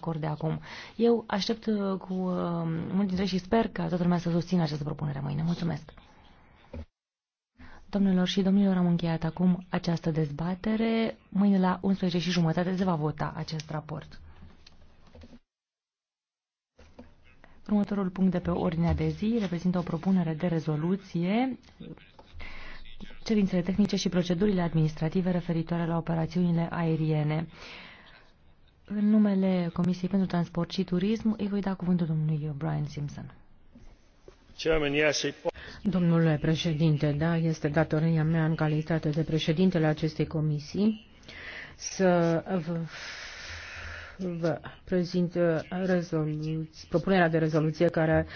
acord de acum. Eu aștept uh, cu uh, mult dintre și sper că toată lumea să susțină această propunere mâine. Mulțumesc! Domnilor și domnilor, am încheiat acum această dezbatere. Mâine la 11 și jumătate se va vota acest raport. Următorul punct de pe ordinea de zi reprezintă o propunere de rezoluție cerințele tehnice și procedurile administrative referitoare la operațiunile aeriene. În numele Comisiei pentru Transport și Turism îi voi da cuvântul domnului Brian Simpson. Domnule președinte, da, este datoria mea în calitate de președintele acestei comisii să vă, vă prezint uh, propunerea de rezoluție care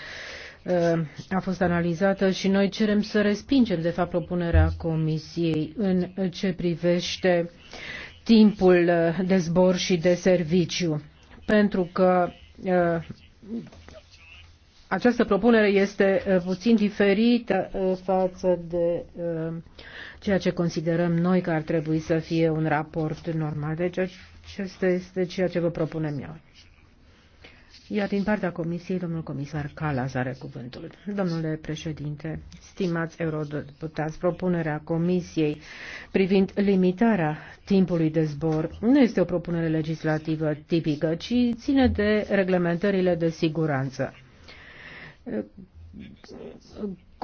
uh, a fost analizată și noi cerem să respingem, de fapt, propunerea comisiei în ce privește uh, timpul uh, de zbor și de serviciu, pentru că uh, această propunere este uh, puțin diferită față de ceea ce considerăm noi că ar trebui să fie un raport normal. Deci acesta este ceea ce vă propunem eu. Iar din partea Comisiei, domnul comisar Calaz are cuvântul. Domnule președinte, stimați eurodeputați, propunerea Comisiei privind limitarea timpului de zbor nu este o propunere legislativă tipică, ci ține de reglementările de siguranță.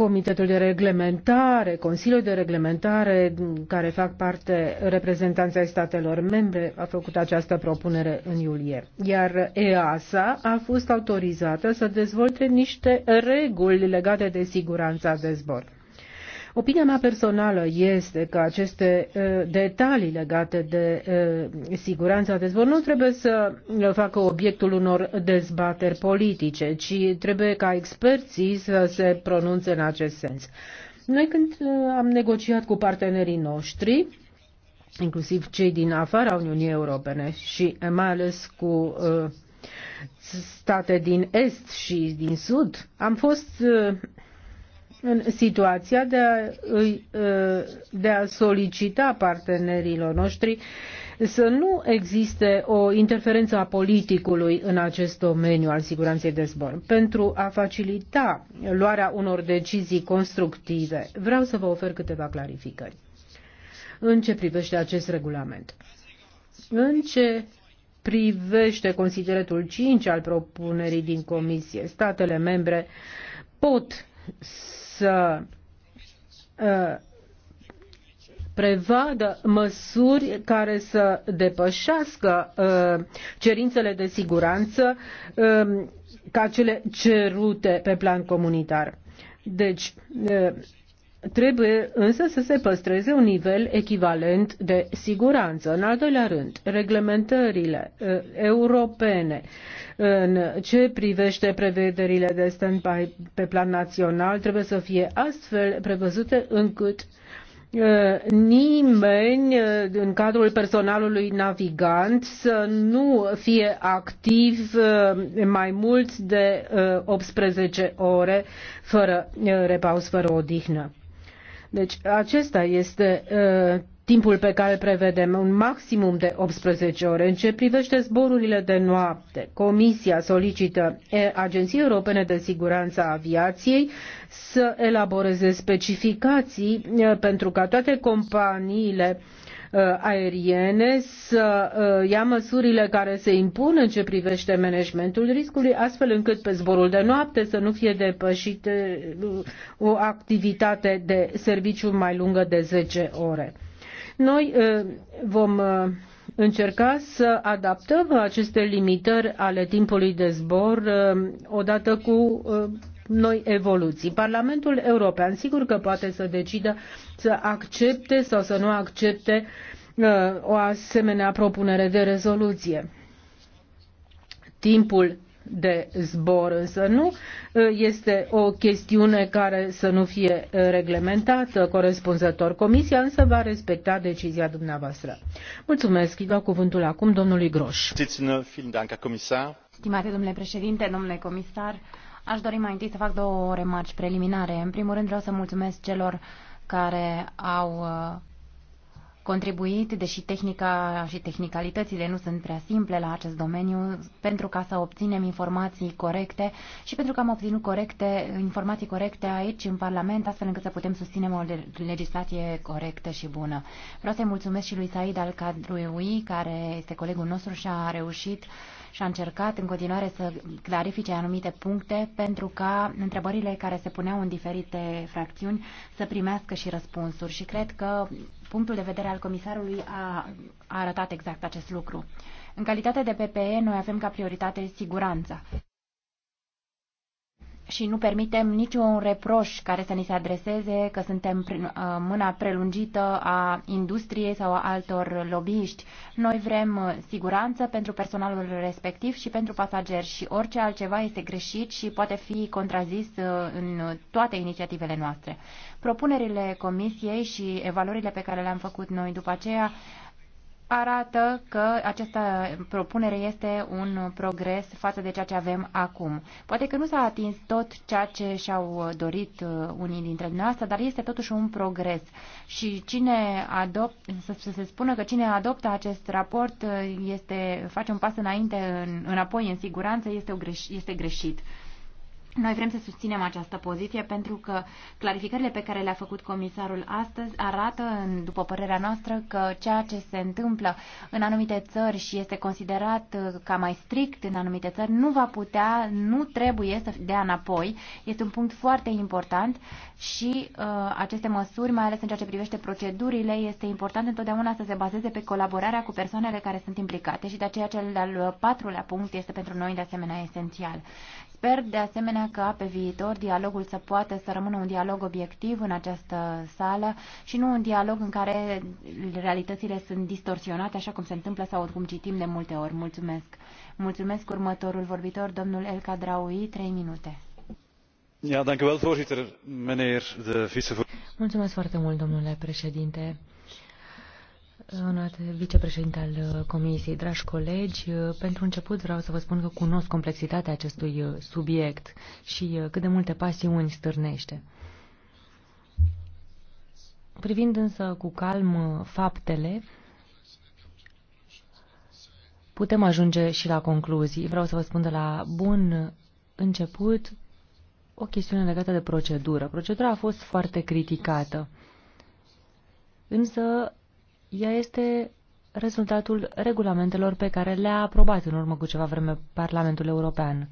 Comitetul de Reglementare, Consiliul de Reglementare, care fac parte reprezentanții statelor membre, a făcut această propunere în iulie. Iar EASA a fost autorizată să dezvolte niște reguli legate de siguranța de zbor. Opinia mea personală este că aceste detalii legate de siguranța de zbor nu trebuie să facă obiectul unor dezbateri politice, ci trebuie ca experții să se pronunțe în acest sens. Noi când am negociat cu partenerii noștri, inclusiv cei din afara Uniunii Europene și mai ales cu state din Est și din Sud, am fost în situația de a, ă, de a solicita partenerilor noștri să nu existe o interferență a politicului în acest domeniu al siguranței de zbor. Pentru a facilita luarea unor decizii constructive, vreau să vă ofer câteva clarificări în ce privește acest regulament. În ce privește consideretul 5 al propunerii din Comisie, statele membre pot să uh, prevadă măsuri care să depășească uh, cerințele de siguranță um, ca cele cerute pe plan comunitar. Deci, uh, Trebuie însă să se păstreze un nivel echivalent de siguranță. În al doilea rând, reglementările uh, europene în ce privește prevederile de stand-by pe plan național trebuie să fie astfel prevăzute încât uh, nimeni uh, în cadrul personalului navigant să nu fie activ uh, mai mult de 18 uh, ore fără uh, repaus, fără odihnă deci acesta este uh, timpul pe care îl prevedem, un maximum de 18 ore. În ce privește zborurile de noapte, Comisia solicită eh, Agenției Europene de Siguranță a Aviației să elaboreze specificații eh, pentru ca toate companiile Uh, aeriene să uh, ia măsurile care se impun în ce privește managementul riscului, astfel încât pe zborul de noapte să nu fie depășit uh, o activitate de serviciu mai lungă de 10 ore. Noi vom încerca să adaptăm aceste limitări ale timpului de zbor odată cu noi evoluții. Parlamentul European sigur că poate să decidă să accepte sau să nu accepte uh, o asemenea propunere de rezoluție. Timpul de zbor, însă nu uh, este o chestiune care să nu fie uh, reglementată corespunzător. Comisia însă va respecta decizia dumneavoastră. Mulțumesc. Îi dau cuvântul acum domnului Groș. Stimate domnule președinte, domnule comisar, Aș dori mai întâi să fac două remarci preliminare. În primul rând vreau să mulțumesc celor care au uh, contribuit, deși tehnica și tehnicalitățile nu sunt prea simple la acest domeniu, pentru ca să obținem informații corecte și pentru că am obținut corecte, informații corecte aici în Parlament, astfel încât să putem susține o legislație corectă și bună. Vreau să-i mulțumesc și lui Said al Cadrui, care este colegul nostru și a reușit uh, și a încercat în continuare să clarifice anumite puncte pentru ca întrebările care se puneau în diferite fracțiuni să primească și răspunsuri și cred că punctul de vedere al comisarului a, a arătat exact acest lucru. În calitate de PPE, noi avem ca prioritate siguranța și nu permitem niciun reproș care să ni se adreseze că suntem uh, mâna prelungită a industriei sau a altor lobbyiști. Noi vrem uh, siguranță pentru personalul respectiv și pentru pasageri și orice altceva este greșit și poate fi contrazis uh, în toate inițiativele noastre. Propunerile comisiei și evaluările pe care le-am făcut noi după aceea arată că această propunere este un progres față de ceea ce avem acum. Poate că nu s-a atins tot ceea ce și-au dorit uh, unii dintre dumneavoastră, dar este totuși un progres. Și cine adopt, să se spună că cine adoptă acest raport uh, este, face un pas înainte, în, înapoi în siguranță, este, o greș, este greșit. Noi vrem să susținem această poziție pentru că clarificările pe care le-a făcut comisarul astăzi arată, după părerea noastră, că ceea ce se întâmplă în anumite țări și este considerat uh, ca mai strict în anumite țări nu va putea, nu trebuie să dea înapoi. Este un punct foarte important și uh, aceste măsuri, mai ales în ceea ce privește procedurile, este important întotdeauna să se bazeze pe colaborarea cu persoanele care sunt implicate și de aceea cel de-al uh, patrulea punct este pentru noi de asemenea esențial. Sper de asemenea ca pe viitor dialogul să poată să rămână un dialog obiectiv în această sală și nu un dialog în care realitățile sunt distorsionate așa cum se întâmplă sau cum citim de multe ori. Mulțumesc. Mulțumesc următorul vorbitor, domnul El Draui, trei minute. Ja, dank u wel, voorzitter. Meneer de vicevoorzitter. Mulțumesc foarte mult, domnule președinte. Onorate vicepreședinte al uh, Comisiei, dragi colegi, uh, pentru început vreau să vă spun că cunosc complexitatea acestui uh, subiect și cât de multe pasiuni stârnește. Privind însă cu calm faptele, putem ajunge și la concluzii. Vreau să vă spun de la bun început o chestiune legată de procedură. Procedura a fost foarte criticată. Însă ea este rezultatul regulamentelor pe care le-a aprobat în urmă cu ceva vreme Parlamentul European.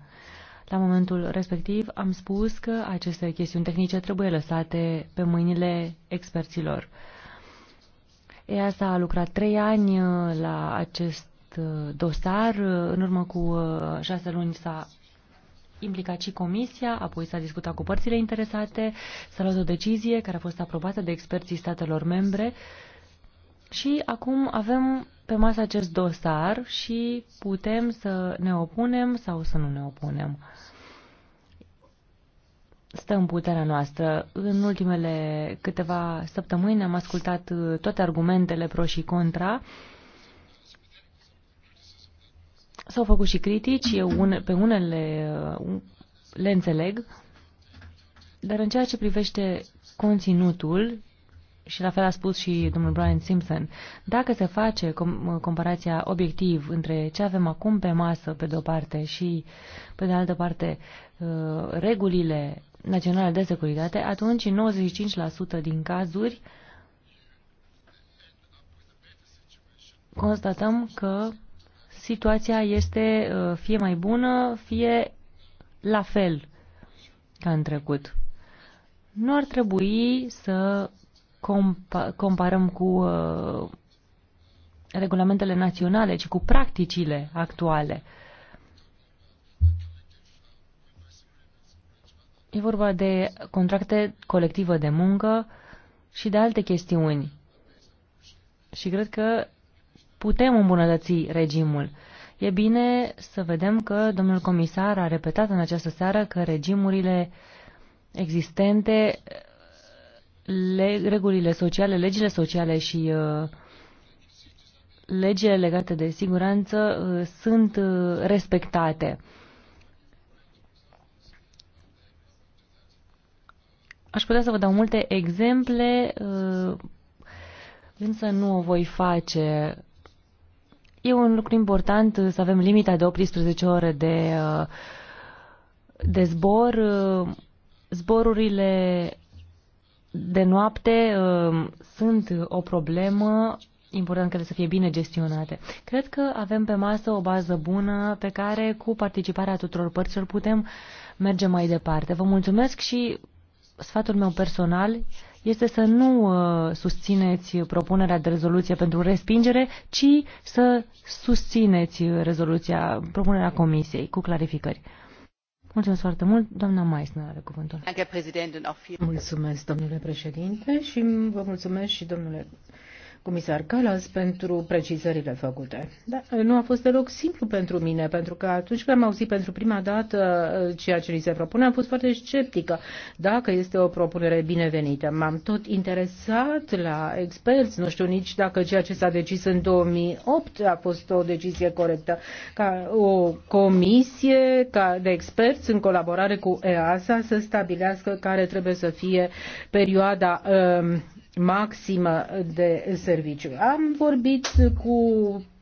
La momentul respectiv am spus că aceste chestiuni tehnice trebuie lăsate pe mâinile experților. s a lucrat trei ani uh, la acest uh, dosar. Uh, în urmă cu șase luni s-a implicat și comisia, apoi s-a discutat cu părțile interesate, s-a luat o decizie care a fost aprobată de experții statelor membre. Uh, și acum avem pe masă acest dosar și putem să ne opunem sau să nu ne opunem. Stă în puterea noastră. În ultimele câteva săptămâni am ascultat uh, toate argumentele pro și contra. S-au făcut și critici, eu pe unele uh, le înțeleg, dar în ceea ce privește conținutul, și la fel a spus și domnul Brian Simpson, dacă se face com comparația obiectiv între ce avem acum pe masă, pe de-o parte, și, pe de altă parte, uh, regulile naționale de securitate, atunci, în 95% din cazuri, constatăm că situația este uh, fie mai bună, fie la fel ca în trecut. Nu ar trebui să compa comparăm cu uh, regulamentele naționale, ci cu practicile actuale. E vorba de contracte colective de muncă și de alte chestiuni. Și cred că putem îmbunătăți regimul. E bine să vedem că domnul comisar a repetat în această seară că regimurile existente le, regulile sociale, legile sociale și uh, legile legate de siguranță uh, sunt uh, respectate. Aș putea să vă dau multe exemple, însă nu o voi face. E un lucru important să avem limita de 18 ore de, de zbor. Zborurile de noapte um, sunt o problemă important că să fie bine gestionate. Cred că avem pe masă o bază bună pe care, cu participarea tuturor părților, putem merge mai departe. Vă mulțumesc și sfatul meu personal este să nu uh, susțineți propunerea de rezoluție pentru respingere, ci să susțineți uh, rezoluția, propunerea comisiei cu clarificări. Mulțumesc foarte mult. Doamna Meissner are cuvântul. Mulțumesc, domnule președinte, și vă mulțumesc și domnule comisar Calas pentru precizările făcute. Dar nu a fost deloc simplu pentru mine, pentru că atunci când am auzit pentru prima dată uh, ceea ce li se propune, am fost foarte sceptică dacă este o propunere binevenită. M-am tot interesat la experți, nu știu nici dacă ceea ce s-a decis în 2008 a fost o decizie corectă, ca o comisie ca de experți în colaborare cu EASA să stabilească care trebuie să fie perioada um, maximă de serviciu. Am vorbit cu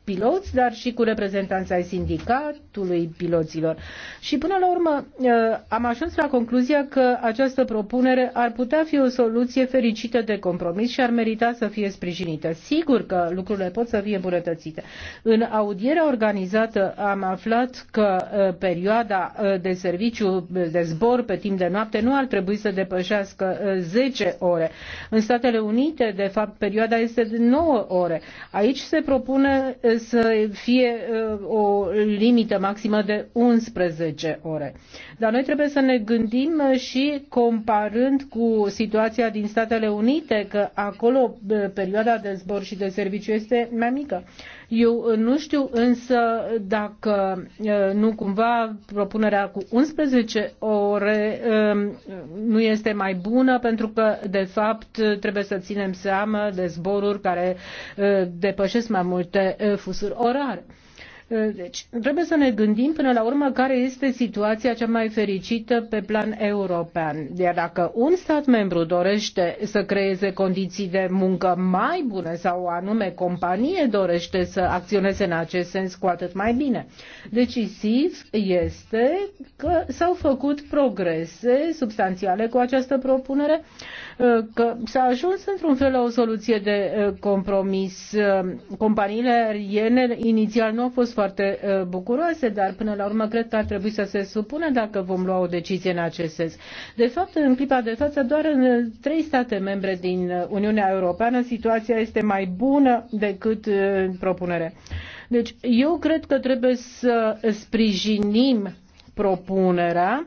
piloți, dar și cu reprezentanța ai sindicatului piloților. Și până la urmă uh, am ajuns la concluzia că această propunere ar putea fi o soluție fericită de compromis și ar merita să fie sprijinită. Sigur că lucrurile pot să fie îmbunătățite. În audierea organizată am aflat că uh, perioada uh, de serviciu de zbor pe timp de noapte nu ar trebui să depășească 10 ore. În Statele Unite, de fapt, perioada este de 9 ore. Aici se propune să fie uh, o limită maximă de 11 ore. Dar noi trebuie să ne gândim uh, și comparând cu situația din Statele Unite, că acolo uh, perioada de zbor și de serviciu este mai mică. Eu uh, nu știu însă dacă uh, nu cumva propunerea cu 11 ore um, nu este mai bună pentru că de fapt trebuie să ținem seama de zboruri care uh, depășesc mai multe fusuri orare. Uh, deci, trebuie să ne gândim până la urmă care este situația cea mai fericită pe plan european. Iar dacă un stat membru dorește să creeze condiții de muncă mai bune sau o anume companie dorește să acționeze în acest sens, cu atât mai bine. Decisiv este că s-au făcut progrese substanțiale cu această propunere, uh, că s-a ajuns într-un fel la o soluție de uh, compromis. Companiile aeriene inițial nu au fost foarte uh, bucuroase, dar până la urmă cred că ar trebui să se supună dacă vom lua o decizie în acest sens. De fapt, în clipa de față, doar în uh, trei state membre din uh, Uniunea Europeană situația este mai bună decât în propunere. Deci, eu cred că trebuie să sprijinim propunerea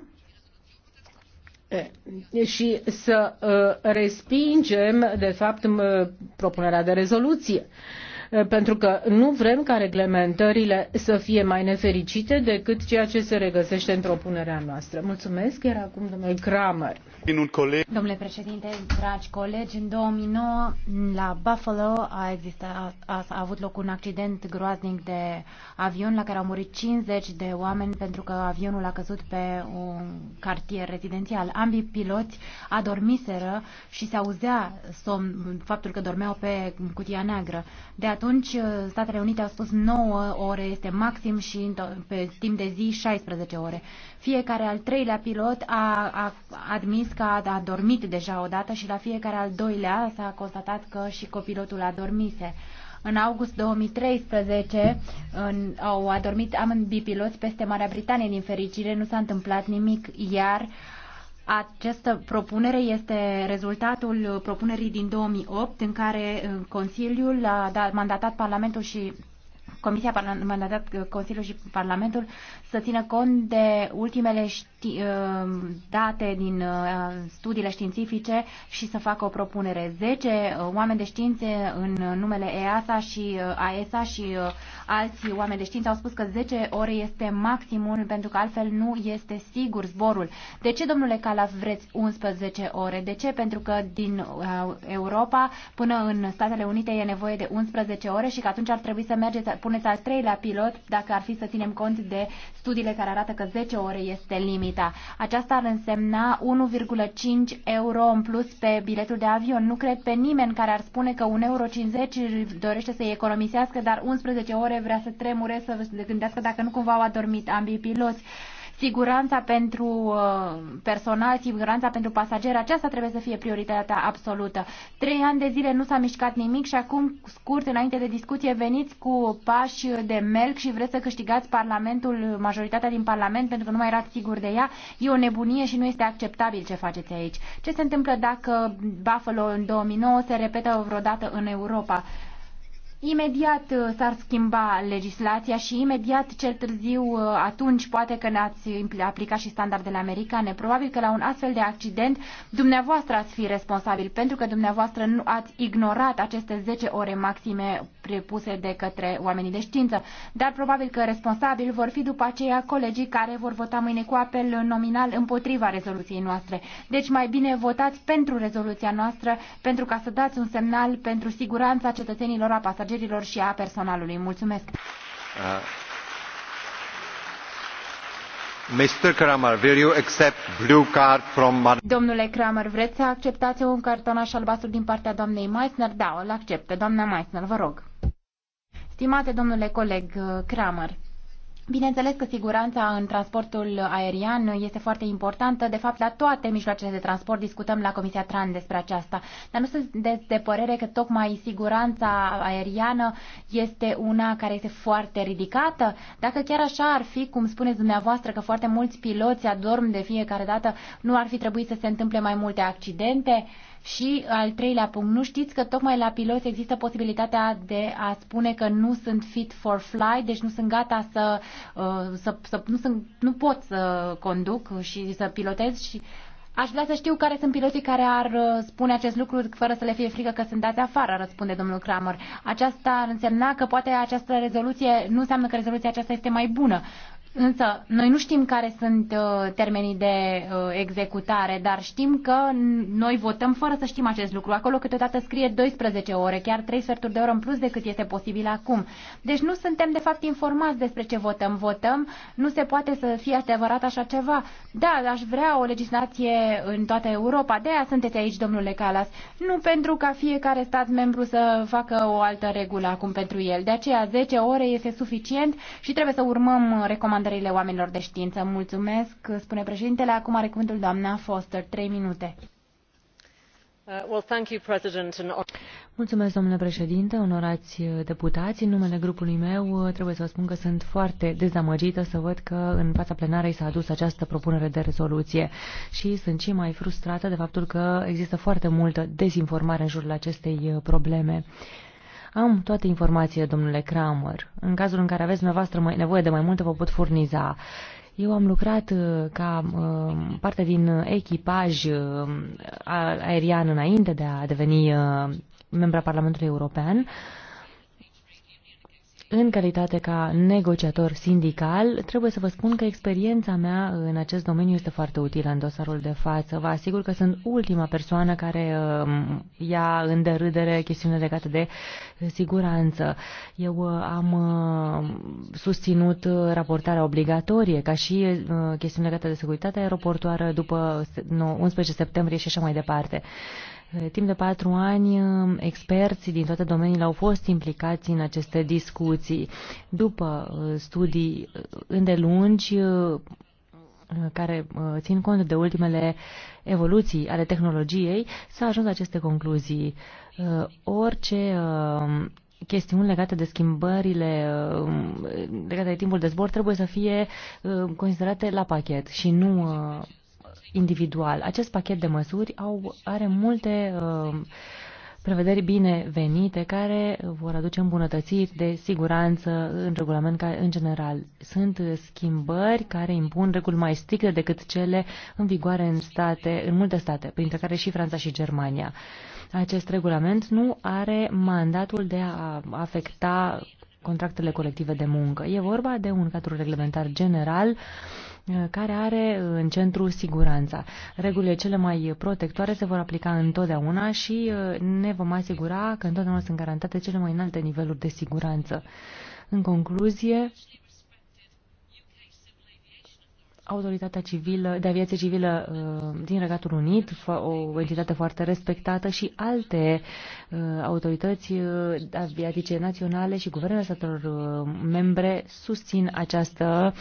eh, și să respingem, de fapt, propunerea de rezoluție. Eh, pentru că nu vrem ca reglementările să fie mai nefericite decât ceea ce se regăsește în propunerea noastră. Mulțumesc, iar acum domnul Kramer. Domnule președinte, dragi colegi, în 2009 la Buffalo a, existat, a, a avut loc un accident groaznic de avion la care au murit 50 de oameni pentru că avionul a căzut pe un cartier rezidențial. Ambii piloți adormiseră și se auzea somn, faptul că dormeau pe cutia neagră. De atunci uh, Statele Unite au spus 9 ore este maxim și pe timp de zi 16 ore. Fiecare al treilea pilot a, a admis că a, a dormit deja odată și la fiecare al doilea s-a constatat că și copilotul a dormise. În august 2013 în, au adormit amândoi piloți peste Marea Britanie. Din fericire nu s-a întâmplat nimic, iar uh, această propunere este rezultatul propunerii din 2008 în care Consiliul a mandatat Parlamentul și Comisia a mandatat Consiliul și Parlamentul să țină cont de ultimele știri Uh, date din uh, studiile științifice și să facă o propunere. 10 uh, oameni de științe în numele EASA și AESA și alți oameni de știință au spus că 10 ore este maximul pentru că altfel nu este sigur zborul. De ce, domnule Calaf, vreți 11 ore? De ce? Pentru că din Europa până în Statele Unite e nevoie de 11 ore și că atunci ar trebui să mergeți, puneți al treilea pilot dacă ar fi să ținem cont de studiile care arată că 10 ore este limit limita. Aceasta ar însemna 1,5 euro în plus pe biletul de avion. Nu cred pe nimeni care ar spune că 1,50 euro dorește să-i economisească, dar 11 ore vrea să tremure, să se gândească dacă nu cumva au adormit ambii piloți siguranța pentru uh, personal, siguranța pentru pasageri, aceasta trebuie să fie prioritatea absolută. Trei ani de zile nu s-a mișcat nimic și acum, scurt, înainte de discuție, veniți cu pași de melc și vreți să câștigați Parlamentul, majoritatea din Parlament, pentru că nu mai erați siguri de ea. E o nebunie și nu este acceptabil ce faceți aici. Ce se întâmplă dacă Buffalo în 2009 se repetă vreodată în Europa? Imediat uh, s-ar schimba legislația și imediat, cel târziu, uh, atunci poate că ne-ați aplicat și standardele americane. Probabil că la un astfel de accident dumneavoastră ați fi responsabil, pentru că dumneavoastră nu ați ignorat aceste 10 ore maxime prepuse de către oamenii de știință. Dar probabil că responsabili vor fi după aceea colegii care vor vota mâine cu apel nominal împotriva rezoluției noastre. Deci mai bine votați pentru rezoluția noastră, pentru ca să dați un semnal pentru siguranța cetățenilor apasă pasagerilor și a personalului. Mulțumesc! Uh. Mr. Kramer, will you accept blue card from... Domnule Kramer, vreți să acceptați un cartonaș albastru din partea doamnei Meissner? Da, îl acceptă. Doamna Meissner, vă rog. Stimate domnule coleg uh, Kramer, Bineînțeles că siguranța în transportul aerian este foarte importantă. De fapt, la toate mijloacele de transport discutăm la Comisia Tran despre aceasta. Dar nu sunt de, de părere că tocmai siguranța aeriană este una care este foarte ridicată. Dacă chiar așa ar fi, cum spuneți dumneavoastră, că foarte mulți piloți adorm de fiecare dată, nu ar fi trebuit să se întâmple mai multe accidente? Uh, și al treilea punct, nu știți că tocmai la pilot există posibilitatea de a spune că nu sunt fit for fly, deci nu sunt gata să, uh, să, să nu, sunt, nu pot să conduc și să pilotez și Aș vrea să știu care sunt piloții care ar uh, spune acest lucru fără să le fie frică că sunt dați afară, răspunde domnul Kramer. Aceasta ar însemna că poate această rezoluție, nu înseamnă că rezoluția aceasta este mai bună. Însă, noi nu știm care sunt uh, termenii de uh, executare, dar știm că noi votăm fără să știm acest lucru. Acolo câteodată scrie 12 ore, chiar 3 sferturi de oră în plus decât este posibil acum. Deci nu suntem, de fapt, informați despre ce votăm. Votăm, nu se poate să fie adevărat așa ceva. Da, aș vrea o legislație în toată Europa. De aia sunteți aici, domnule Calas. Nu pentru ca fiecare stat membru să facă o altă regulă acum pentru el. De aceea, 10 ore este suficient și trebuie să urmăm recomandările recomandările oamenilor de știință. Mulțumesc, spune președintele. Acum are cuvântul doamna Foster. Trei minute. Uh, well, thank you, President. Mulțumesc, domnule președinte, onorați uh, deputați. În numele grupului meu uh, trebuie să vă spun că sunt foarte dezamăgită să văd că în fața plenarei s-a adus această propunere de rezoluție și sunt și mai frustrată de faptul că există foarte multă dezinformare în jurul acestei probleme. Uh, am toate informațiile, domnule Kramer. În cazul în care aveți dumneavoastră nevoie de mai multe, vă pot furniza. Eu am lucrat uh, ca uh, parte din echipaj uh, aerian înainte de a deveni membra Parlamentului European în calitate ca negociator sindical, trebuie să vă spun că experiența mea în acest domeniu este foarte utilă în dosarul de față. Vă asigur că sunt ultima persoană care um, ia în derâdere chestiuni legate de siguranță. Eu uh, am uh, susținut uh, raportarea obligatorie ca și chestiuni legate de securitate aeroportoară după 11 septembrie și așa mai departe. Eh, timp de patru ani, eh, experți din toate domeniile au fost implicați în aceste discuții. După eh, studii îndelungi, care țin cont de ultimele evoluții ale tehnologiei, s-a ajuns la aceste concluzii. Orice chestiuni legate de schimbările legate de timpul de zbor trebuie să fie considerate la pachet și nu individual. Acest pachet de măsuri au, are multe uh, prevederi binevenite care vor aduce îmbunătățiri de siguranță în regulament care, în general. Sunt schimbări care impun reguli mai stricte decât cele în vigoare în state, în multe state, printre care și Franța și Germania. Acest regulament nu are mandatul de a afecta contractele colective de muncă. E vorba de un cadru reglementar general uh, care are uh, în centru siguranța. Regulile cele mai protectoare se vor aplica întotdeauna și uh, ne vom asigura că întotdeauna sunt garantate cele mai înalte niveluri de siguranță. În concluzie, autoritatea civilă, de aviație civilă uh, din Regatul Unit, o entitate foarte respectată și alte autorități aviatice naționale și guvernele statelor membre susțin această uh,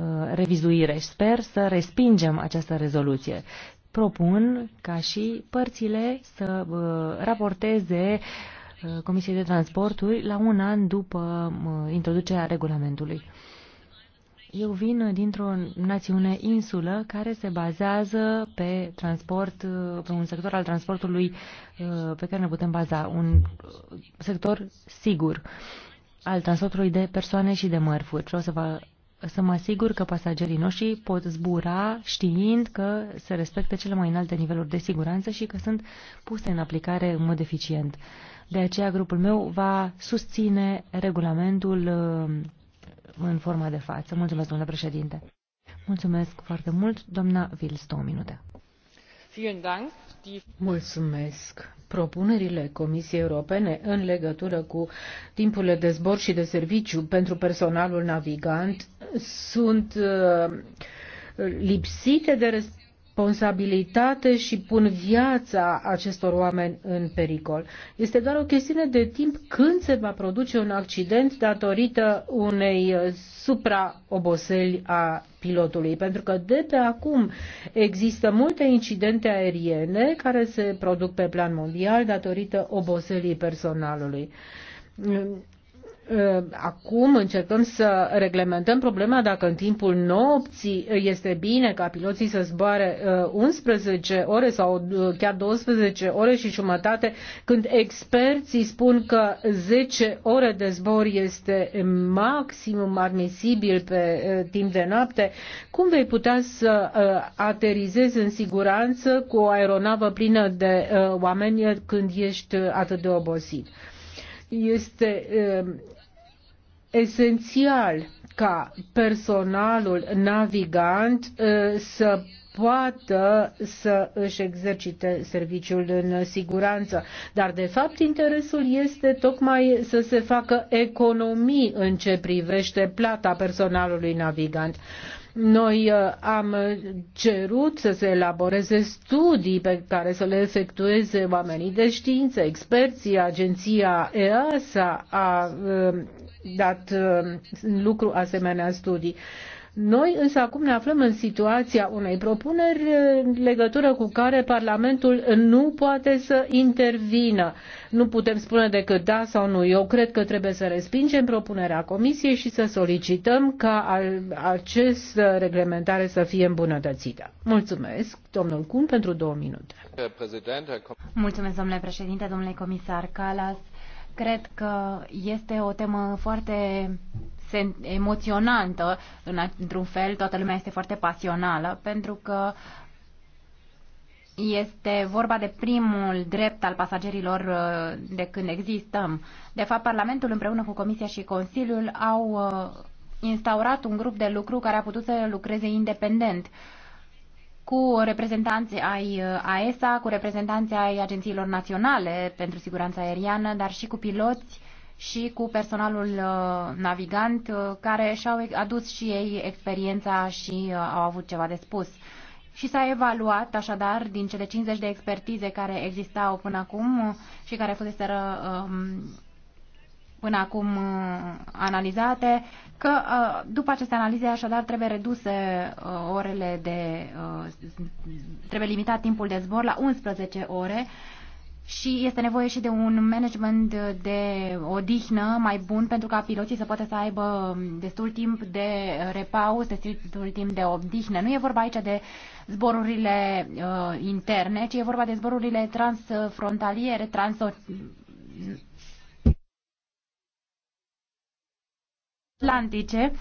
Uh, revizuire și sper să respingem această rezoluție. Propun ca și părțile să uh, raporteze uh, Comisiei de Transporturi la un an după introducerea regulamentului. Eu vin dintr-o națiune insulă care se bazează pe transport, pe un sector al transportului pe care ne putem baza, un sector sigur al transportului de persoane și de mărfuri. Vreau să vă să mă asigur că pasagerii noștri pot zbura știind că se respectă cele mai înalte niveluri de siguranță și că sunt puse în aplicare în mod eficient. De aceea, grupul meu va susține regulamentul uh, în forma de față. Mulțumesc, domnule președinte. Mulțumesc foarte mult, doamna Vils, două minute. Mulțumesc. Propunerile Comisiei Europene în legătură cu timpurile de zbor și de serviciu pentru personalul navigant sunt uh, lipsite de responsabilitate și pun viața acestor oameni în pericol. Este doar o chestiune de timp când se va produce un accident datorită unei uh, supraoboseli a pilotului, pentru că de pe acum există multe incidente aeriene care se produc pe plan mondial datorită oboselii personalului Ă, acum încercăm să reglementăm problema dacă în timpul nopții este bine ca piloții să zboare 11 ă, ore sau ă, chiar 12 ore și jumătate, când experții spun că 10 ore de zbor este maximum admisibil pe timp de noapte. Cum vei putea să aterizezi în siguranță cu o aeronavă plină de oameni când ești atât de obosit? Este esențial ca personalul navigant uh, să poată să își exercite serviciul în siguranță. Dar, de fapt, interesul este tocmai să se facă economii în ce privește plata personalului navigant. Noi uh, am cerut să se elaboreze studii pe care să le efectueze oamenii de știință, experții, agenția EASA a dat în uh, lucru asemenea studii. Noi însă acum ne aflăm în situația unei propuneri în legătură cu care Parlamentul nu poate să intervină. Nu putem spune decât da sau nu. Eu cred că trebuie să respingem propunerea Comisiei și să solicităm ca acest reglementare să fie îmbunătățită. Mulțumesc, domnul Cun, pentru două minute. Mulțumesc, domnule președinte, domnule comisar Calas. Cred că este o temă foarte emoționantă, într-un fel, toată lumea este foarte pasională, pentru că este vorba de primul drept al pasagerilor uh, de când existăm. De fapt, Parlamentul împreună cu Comisia și Consiliul au uh, instaurat un grup de lucru care a putut să lucreze independent. Uh, cu reprezentanții ai AESA, uh, cu reprezentanții ai agențiilor naționale pentru siguranța aeriană, dar și cu piloți și cu personalul uh, navigant uh, care și-au adus și ei experiența și au avut ceva de spus. Și s-a evaluat, așadar, din cele 50 de expertize care existau până acum și care fuseseră um, până acum uh, analizate, că uh, după aceste analize așadar trebuie reduse uh, orele de trebuie limitat timpul de zbor la 11 ore și este nevoie și de un management de odihnă mai bun pentru ca piloții să poată să aibă destul timp de repaus, destul timp de odihnă. Nu e vorba aici de zborurile uh, interne, ci e vorba de zborurile transfrontaliere, trans atlantice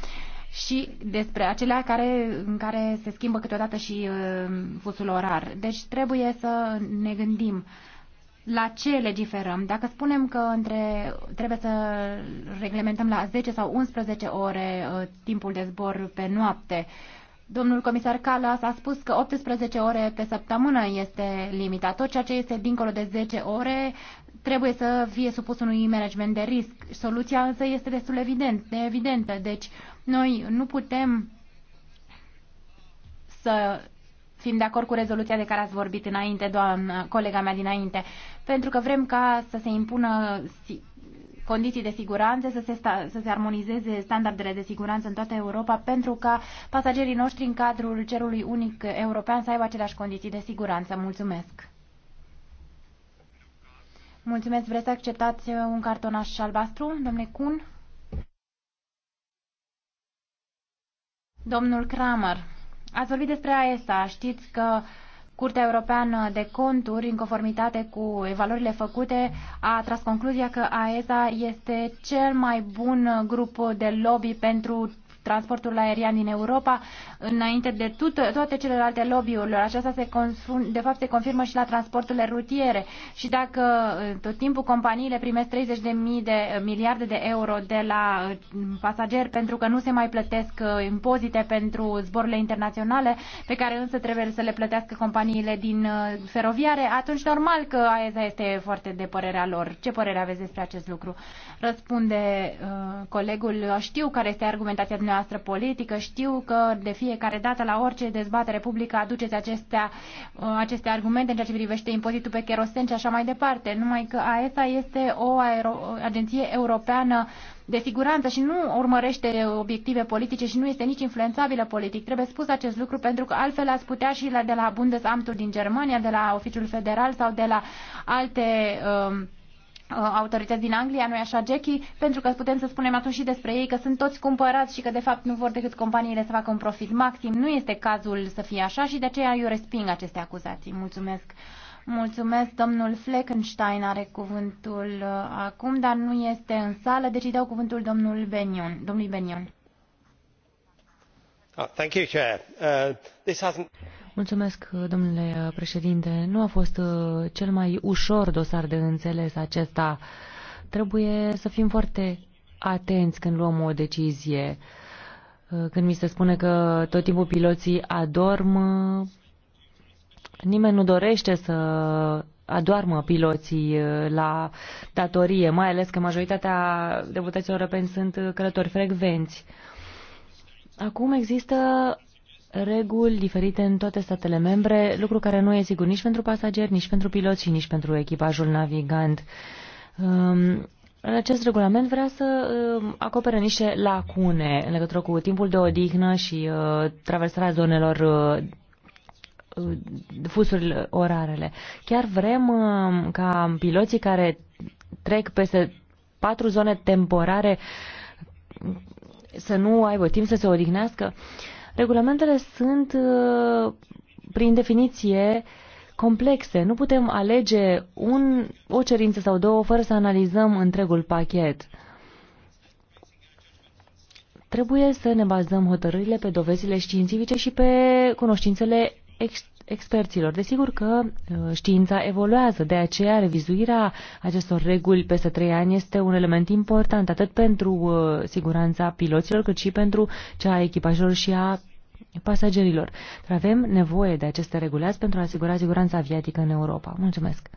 și despre acelea care, în care se schimbă câteodată și uh, fusul orar. Deci trebuie să ne gândim la ce legiferăm. Dacă spunem că între, trebuie să reglementăm la 10 sau 11 ore uh, timpul de zbor pe noapte, uh, Domnul comisar Calas a spus că 18 ore pe săptămână este limita. Tot ceea ce este dincolo de 10 ore trebuie să fie supus unui management de risc. Soluția însă este destul evident, de evidentă. Deci noi nu putem să fim de acord cu rezoluția de care ați vorbit înainte, doamnă, colega mea dinainte, pentru că vrem ca să se impună condiții de siguranță, să se, sta, să se armonizeze standardele de siguranță în toată Europa pentru ca pasagerii noștri în cadrul cerului unic european să aibă aceleași condiții de siguranță. Mulțumesc! Mulțumesc, vreți să acceptați uh, un cartonaș albastru, domnule Kun? Domnul Kramer, ați vorbit despre AESA. Știți că uh, Curtea Europeană de Conturi, în conformitate cu evaluările făcute, a tras concluzia că AESA este cel mai bun grup de lobby pentru transportul aerian din Europa înainte de tot, toate celelalte lobby-urilor. Aceasta se consum, de fapt se confirmă și la transporturile rutiere și dacă uh, tot timpul companiile primesc 30 de, mii de uh, miliarde de euro de la uh, pasageri pentru că nu se mai plătesc impozite pentru zborurile internaționale pe care însă trebuie să le plătească companiile din feroviare, atunci normal că AESA este foarte de părerea lor. Ce părere aveți despre acest lucru? Răspunde uh, colegul, știu care este argumentația dumneavoastră dumneavoastră politică. Știu că de fiecare dată la orice dezbatere publică aduceți acestea, uh, aceste argumente în ceea ce privește impozitul pe kerosen și așa mai departe. Numai că AESA este o aer agenție europeană de siguranță și nu urmărește obiective politice și nu este nici influențabilă politic. Trebuie spus acest lucru pentru că altfel ați putea și la, de la Bundesamtul din Germania, de la Oficiul Federal sau de la alte Uh, Uh, autorități din Anglia, nu-i așa, Jackie? Pentru că putem să spunem atunci și despre ei că sunt toți cumpărați și că de fapt nu vor decât companiile să facă un profit maxim. Nu este cazul să fie așa și de aceea eu resping aceste acuzații. Mulțumesc. Mulțumesc, domnul Fleckenstein are cuvântul uh, acum, dar nu este în sală, deci îi dau cuvântul domnul Benion, domnului Benion. Oh, thank you, Chair. Uh, this hasn't... Mulțumesc, domnule președinte. Nu a fost uh, cel mai ușor dosar de înțeles acesta. Trebuie să fim foarte atenți când luăm o decizie. Uh, când mi se spune că tot timpul piloții adorm, uh, nimeni nu dorește să adoarmă piloții la datorie, mai ales că majoritatea deputaților europeni sunt călători frecvenți. Acum există reguli diferite în toate statele membre, lucru care nu e sigur nici pentru pasageri, nici pentru piloți nici pentru echipajul navigant. Um, acest regulament vrea să um, acopere niște lacune în legătură cu timpul de odihnă și uh, traversarea zonelor uh, uh, fusurile orarele. Chiar vrem um, ca piloții care trec peste patru zone temporare să nu aibă timp să se odihnească. Uh, Regulamentele sunt, uh, prin definiție, complexe. Nu putem alege un, o cerință sau două fără să analizăm întregul pachet. Trebuie să ne bazăm hotărârile pe dovezile științifice și pe cunoștințele ex experților. Desigur că uh, știința evoluează, de aceea revizuirea acestor reguli peste trei ani este un element important, atât pentru uh, siguranța piloților, cât și pentru cea a echipajelor și a pasagerilor. Dar avem nevoie de aceste regulați pentru a asigura siguranța aviatică în Europa. Mulțumesc!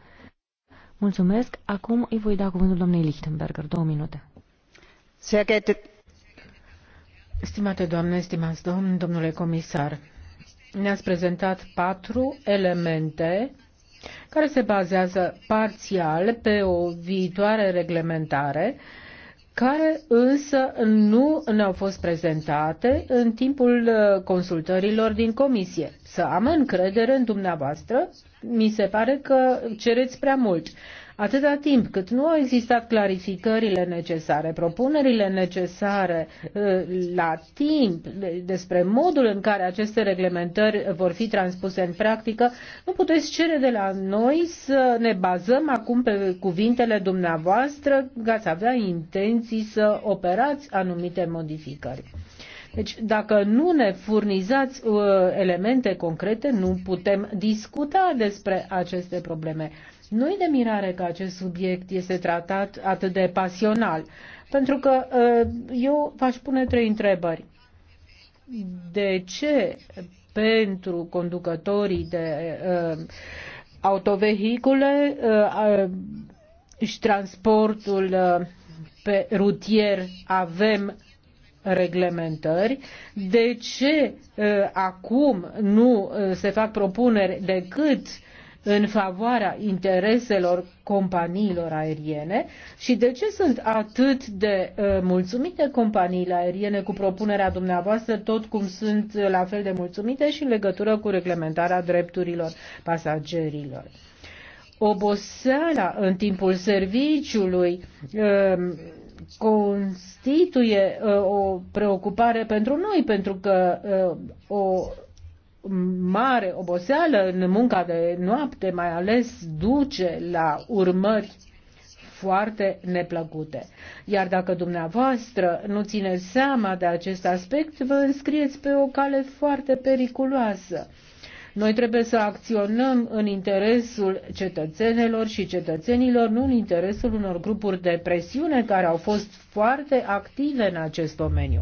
Mulțumesc! Acum îi voi da cuvântul doamnei Lichtenberger. Două minute. Stimate doamne, stimați domn, domnule comisar, ne-ați prezentat patru elemente care se bazează parțial pe o viitoare reglementare, care însă nu ne-au fost prezentate în timpul uh, consultărilor din comisie. Să am încredere în dumneavoastră, mi se pare că cereți prea mult. Atâta timp cât nu au existat clarificările necesare, propunerile necesare uh, la timp despre modul în care aceste reglementări vor fi transpuse în practică, nu puteți cere de la noi să ne bazăm acum pe cuvintele dumneavoastră că ați avea intenții să operați anumite modificări. Deci, dacă nu ne furnizați uh, elemente concrete, nu putem discuta despre aceste probleme. Nu-i de mirare că acest subiect este tratat atât de pasional, pentru că uh, eu v-aș pune trei întrebări. De ce pentru conducătorii de uh, autovehicule uh, uh, și transportul uh, pe rutier avem reglementări, de ce uh, acum nu uh, se fac propuneri decât uh, în favoarea intereselor companiilor aeriene și de ce sunt atât de uh, mulțumite companiile aeriene cu propunerea dumneavoastră, tot cum sunt la fel de mulțumite și în legătură cu reglementarea drepturilor pasagerilor oboseala în timpul serviciului um, constituie uh, o preocupare pentru noi, pentru că uh, o mare oboseală în munca de noapte, mai ales, duce la urmări foarte neplăcute. Iar dacă dumneavoastră nu țineți seama de acest aspect, vă înscrieți pe o cale foarte periculoasă. Noi trebuie să acționăm în interesul cetățenilor și cetățenilor, nu în interesul unor grupuri de presiune care au fost foarte active în acest domeniu.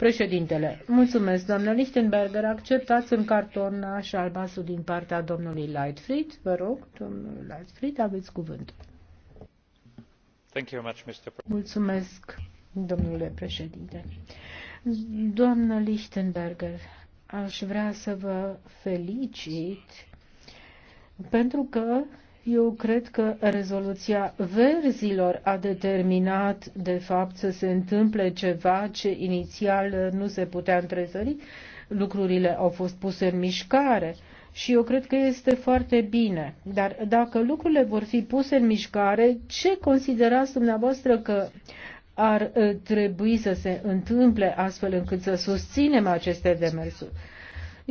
Președintele, mulțumesc, doamnă Lichtenberger. Acceptați un și albasul din partea domnului Lightfried. Vă rog, domnul Lightfried, aveți cuvântul. Thank you much, Mr. Mulțumesc, domnule președinte. Doamnă Lichtenberger, aș vrea să vă felicit pentru că eu cred că rezoluția verzilor a determinat, de fapt, să se întâmple ceva ce inițial nu se putea întrezări. Lucrurile au fost puse în mișcare și eu cred că este foarte bine. Dar dacă lucrurile vor fi puse în mișcare, ce considerați dumneavoastră că ar uh, trebui să se întâmple astfel încât să susținem aceste demersuri?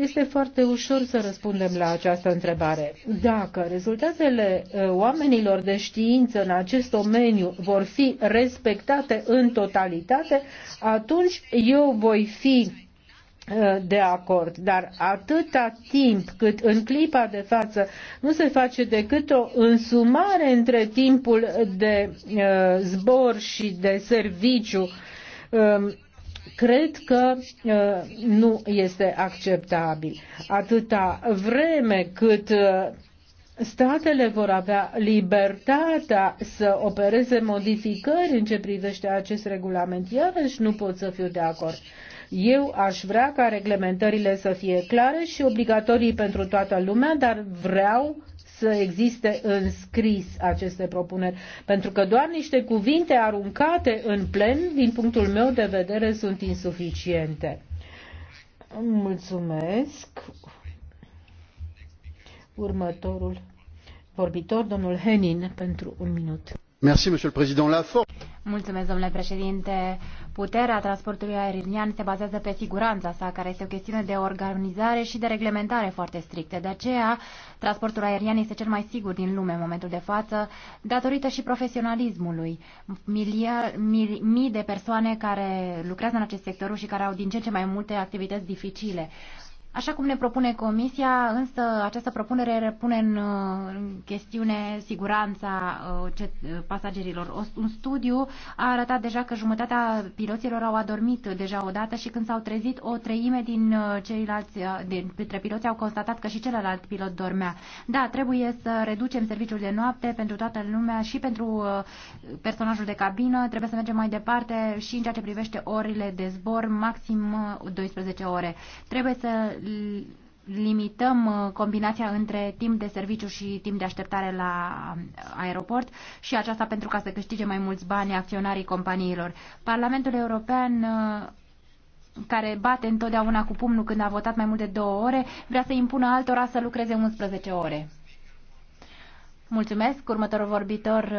Este foarte ușor să răspundem la această întrebare. Dacă rezultatele uh, oamenilor de știință în acest domeniu vor fi respectate în totalitate, atunci eu voi fi uh, de acord, dar atâta timp cât în clipa de față nu se face decât o însumare între timpul de uh, zbor și de serviciu, um, cred că uh, nu este acceptabil. Atâta vreme cât uh, statele vor avea libertatea să opereze modificări în ce privește acest regulament, iarăși nu pot să fiu de acord. Eu aș vrea ca reglementările să fie clare și obligatorii pentru toată lumea, dar vreau să existe înscris aceste propuneri, pentru că doar niște cuvinte aruncate în plen, din punctul meu de vedere, sunt insuficiente. Mulțumesc. Următorul vorbitor, domnul Henin, pentru un minut. Mulțumesc, domnule președinte. Puterea transportului aerian se bazează pe siguranța sa, care este o chestiune de organizare și de reglementare foarte stricte. De aceea, transportul aerian este cel mai sigur din lume în momentul de față, datorită și profesionalismului. Milia, mii, mii de persoane care lucrează în acest sector și care au din ce în ce mai multe activități dificile. Așa cum ne propune Comisia, însă această propunere repune în uh, chestiune siguranța uh, uh, pasagerilor. Un studiu a arătat deja că jumătatea piloților au adormit deja odată și când s-au trezit, o treime din ceilalți, dintre piloți au constatat că și celălalt pilot dormea. Da, trebuie să reducem serviciul de noapte pentru toată lumea și pentru personajul de cabină. Trebuie să mergem mai departe și în ceea ce privește orile de zbor, maxim 12 ore. Trebuie să limităm uh, combinația între timp de serviciu și timp de așteptare la uh, aeroport și aceasta pentru ca să câștige mai mulți bani acționarii companiilor. Parlamentul European uh, care bate întotdeauna cu pumnul când a votat mai mult de două ore, vrea să impună altora să lucreze 11 ore. Mulțumesc. Următorul vorbitor,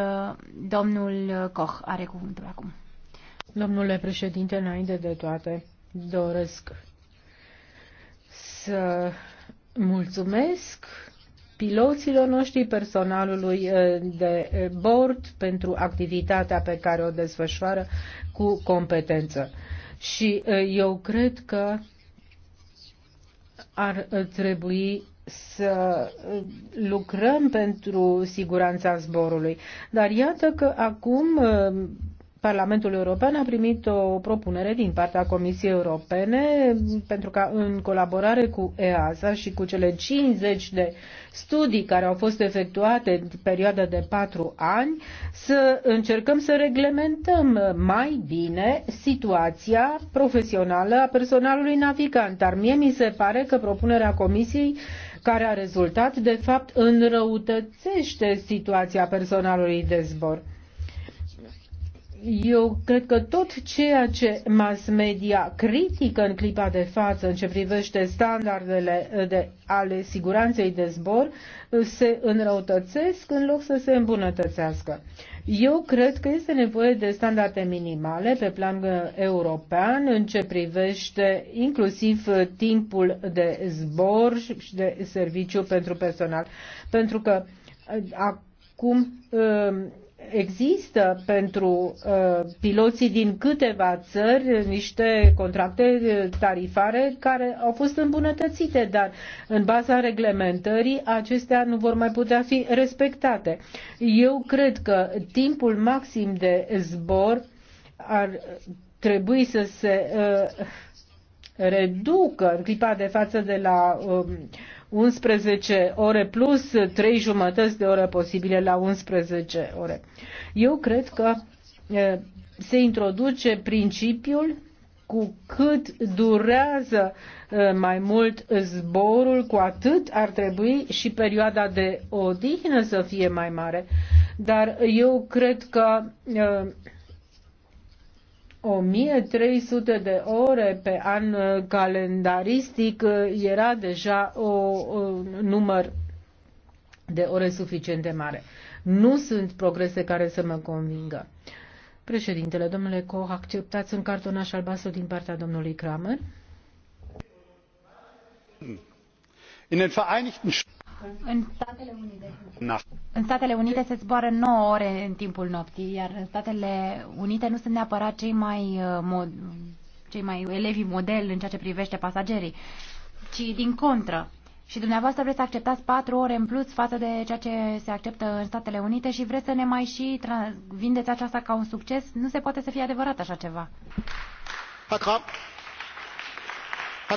domnul Koch, are cuvântul acum. Domnule președinte, înainte de toate, doresc să uh, mulțumesc piloților noștri, personalului uh, de bord pentru activitatea pe care o desfășoară cu competență. Și uh, eu cred că ar trebui să lucrăm pentru siguranța zborului. Dar iată că acum Parlamentul European a primit o propunere din partea Comisiei Europene pentru ca în colaborare cu EASA și cu cele 50 de studii care au fost efectuate în perioada de 4 ani să încercăm să reglementăm mai bine situația profesională a personalului navigant. Dar mie mi se pare că propunerea Comisiei care a rezultat, de fapt, înrăutățește situația personalului de zbor eu cred că tot ceea ce mass media critică în clipa de față în ce privește standardele uh, de, ale siguranței de zbor uh, se înrăutățesc în loc să se îmbunătățească. Eu cred că este nevoie de standarde minimale pe plan uh, european în ce privește inclusiv timpul de zbor și de serviciu pentru personal. Pentru că acum există pentru uh, piloții din câteva țări niște contracte uh, tarifare care au fost îmbunătățite, dar în baza reglementării acestea nu vor mai putea fi respectate. Eu cred că timpul maxim de zbor ar trebui să se uh, reducă în clipa de față de la uh, 11 ore plus 3 jumătăți de oră posibile la 11 ore. Eu cred că se introduce principiul cu cât durează mai mult zborul, cu atât ar trebui și perioada de odihnă să fie mai mare. Dar eu cred că 1300 de ore pe an uh, calendaristic uh, era deja o, un număr de ore suficient de mare. Nu sunt progrese care să mă convingă. Președintele, domnule Koch, acceptați un cartonaș albastru din partea domnului Kramer? In den Vereinigten în Statele Unite. Na. În Statele Unite se zboară 9 ore în timpul nopții, iar în Statele Unite nu sunt neapărat cei mai, uh, mod, cei mai elevi model în ceea ce privește pasagerii, ci din contră. Și dumneavoastră vreți să acceptați 4 ore în plus față de ceea ce se acceptă în Statele Unite și vreți să ne mai și vindeți aceasta ca un succes? Nu se poate să fie adevărat așa ceva. Herr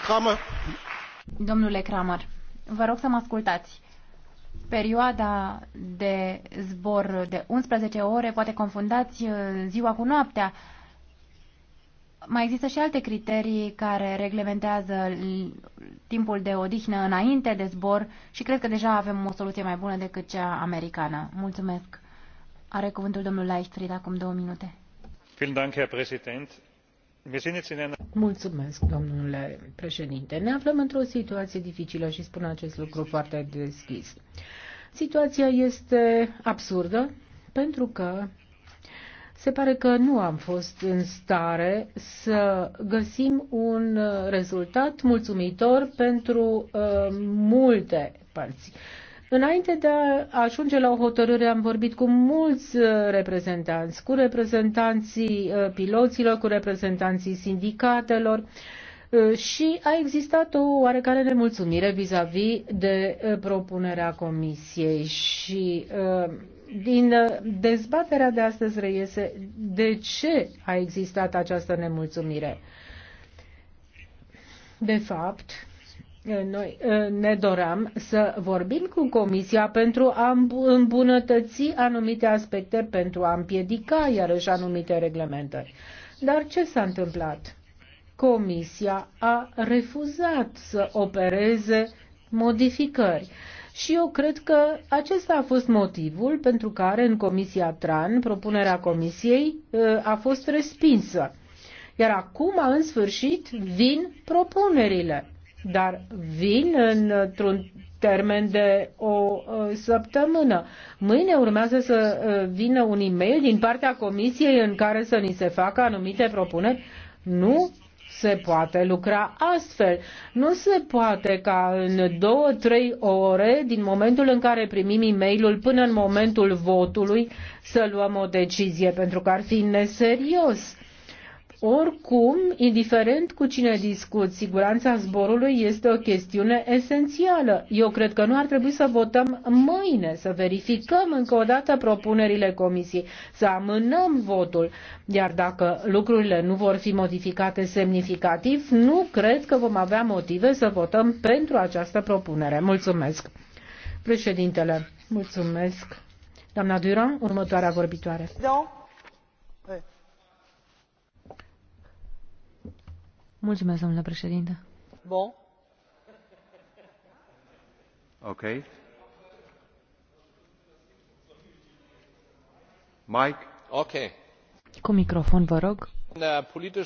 Kramer. Domnule Kramer. Vă rog să mă ascultați. Perioada de zbor de 11 ore, poate confundați uh, ziua cu noaptea. Mai există și alte criterii care reglementează timpul de odihnă înainte de zbor și cred că deja avem o soluție mai bună decât cea americană. Mulțumesc. Are cuvântul domnul Leichtfried acum două minute. Vielen Dank, Herr Präsident. Mulțumesc, domnule președinte. Ne aflăm într-o situație dificilă și spun acest lucru foarte deschis. Situația este absurdă pentru că se pare că nu am fost în stare să găsim un rezultat mulțumitor pentru uh, multe părți. Înainte de a ajunge la o hotărâre, am vorbit cu mulți uh, reprezentanți, cu reprezentanții uh, piloților, cu reprezentanții sindicatelor uh, și a existat o oarecare nemulțumire vis-a-vis -vis de propunerea Comisiei și din dezbaterea de astăzi reiese de ce a existat această nemulțumire. De fapt, Eh, noi eh, ne doream să vorbim cu Comisia pentru a îmbunătăți anumite aspecte, pentru a împiedica iarăși anumite reglementări. Dar ce s-a întâmplat? Comisia a refuzat să opereze modificări. Și eu cred că acesta a fost motivul pentru care în Comisia TRAN propunerea Comisiei eh, a fost respinsă. Iar acum, în sfârșit, vin propunerile dar vin într-un termen de o săptămână. Mâine urmează să vină un e-mail din partea comisiei în care să ni se facă anumite propuneri. Nu se poate lucra astfel. Nu se poate ca în două, trei ore, din momentul în care primim e mailul până în momentul votului, să luăm o decizie, pentru că ar fi neserios. Oricum, indiferent cu cine discut, siguranța zborului este o chestiune esențială. Eu cred că nu ar trebui să votăm mâine, să verificăm încă o dată propunerile comisiei, să amânăm votul. Iar dacă lucrurile nu vor fi modificate semnificativ, nu cred că vom avea motive să votăm pentru această propunere. Mulțumesc. Președintele, mulțumesc. Doamna Duran, următoarea vorbitoare. Da. Mulțumesc, domnule președinte. Bun. Ok. Mike. Ok. Cu microfon, vă rog. Uh,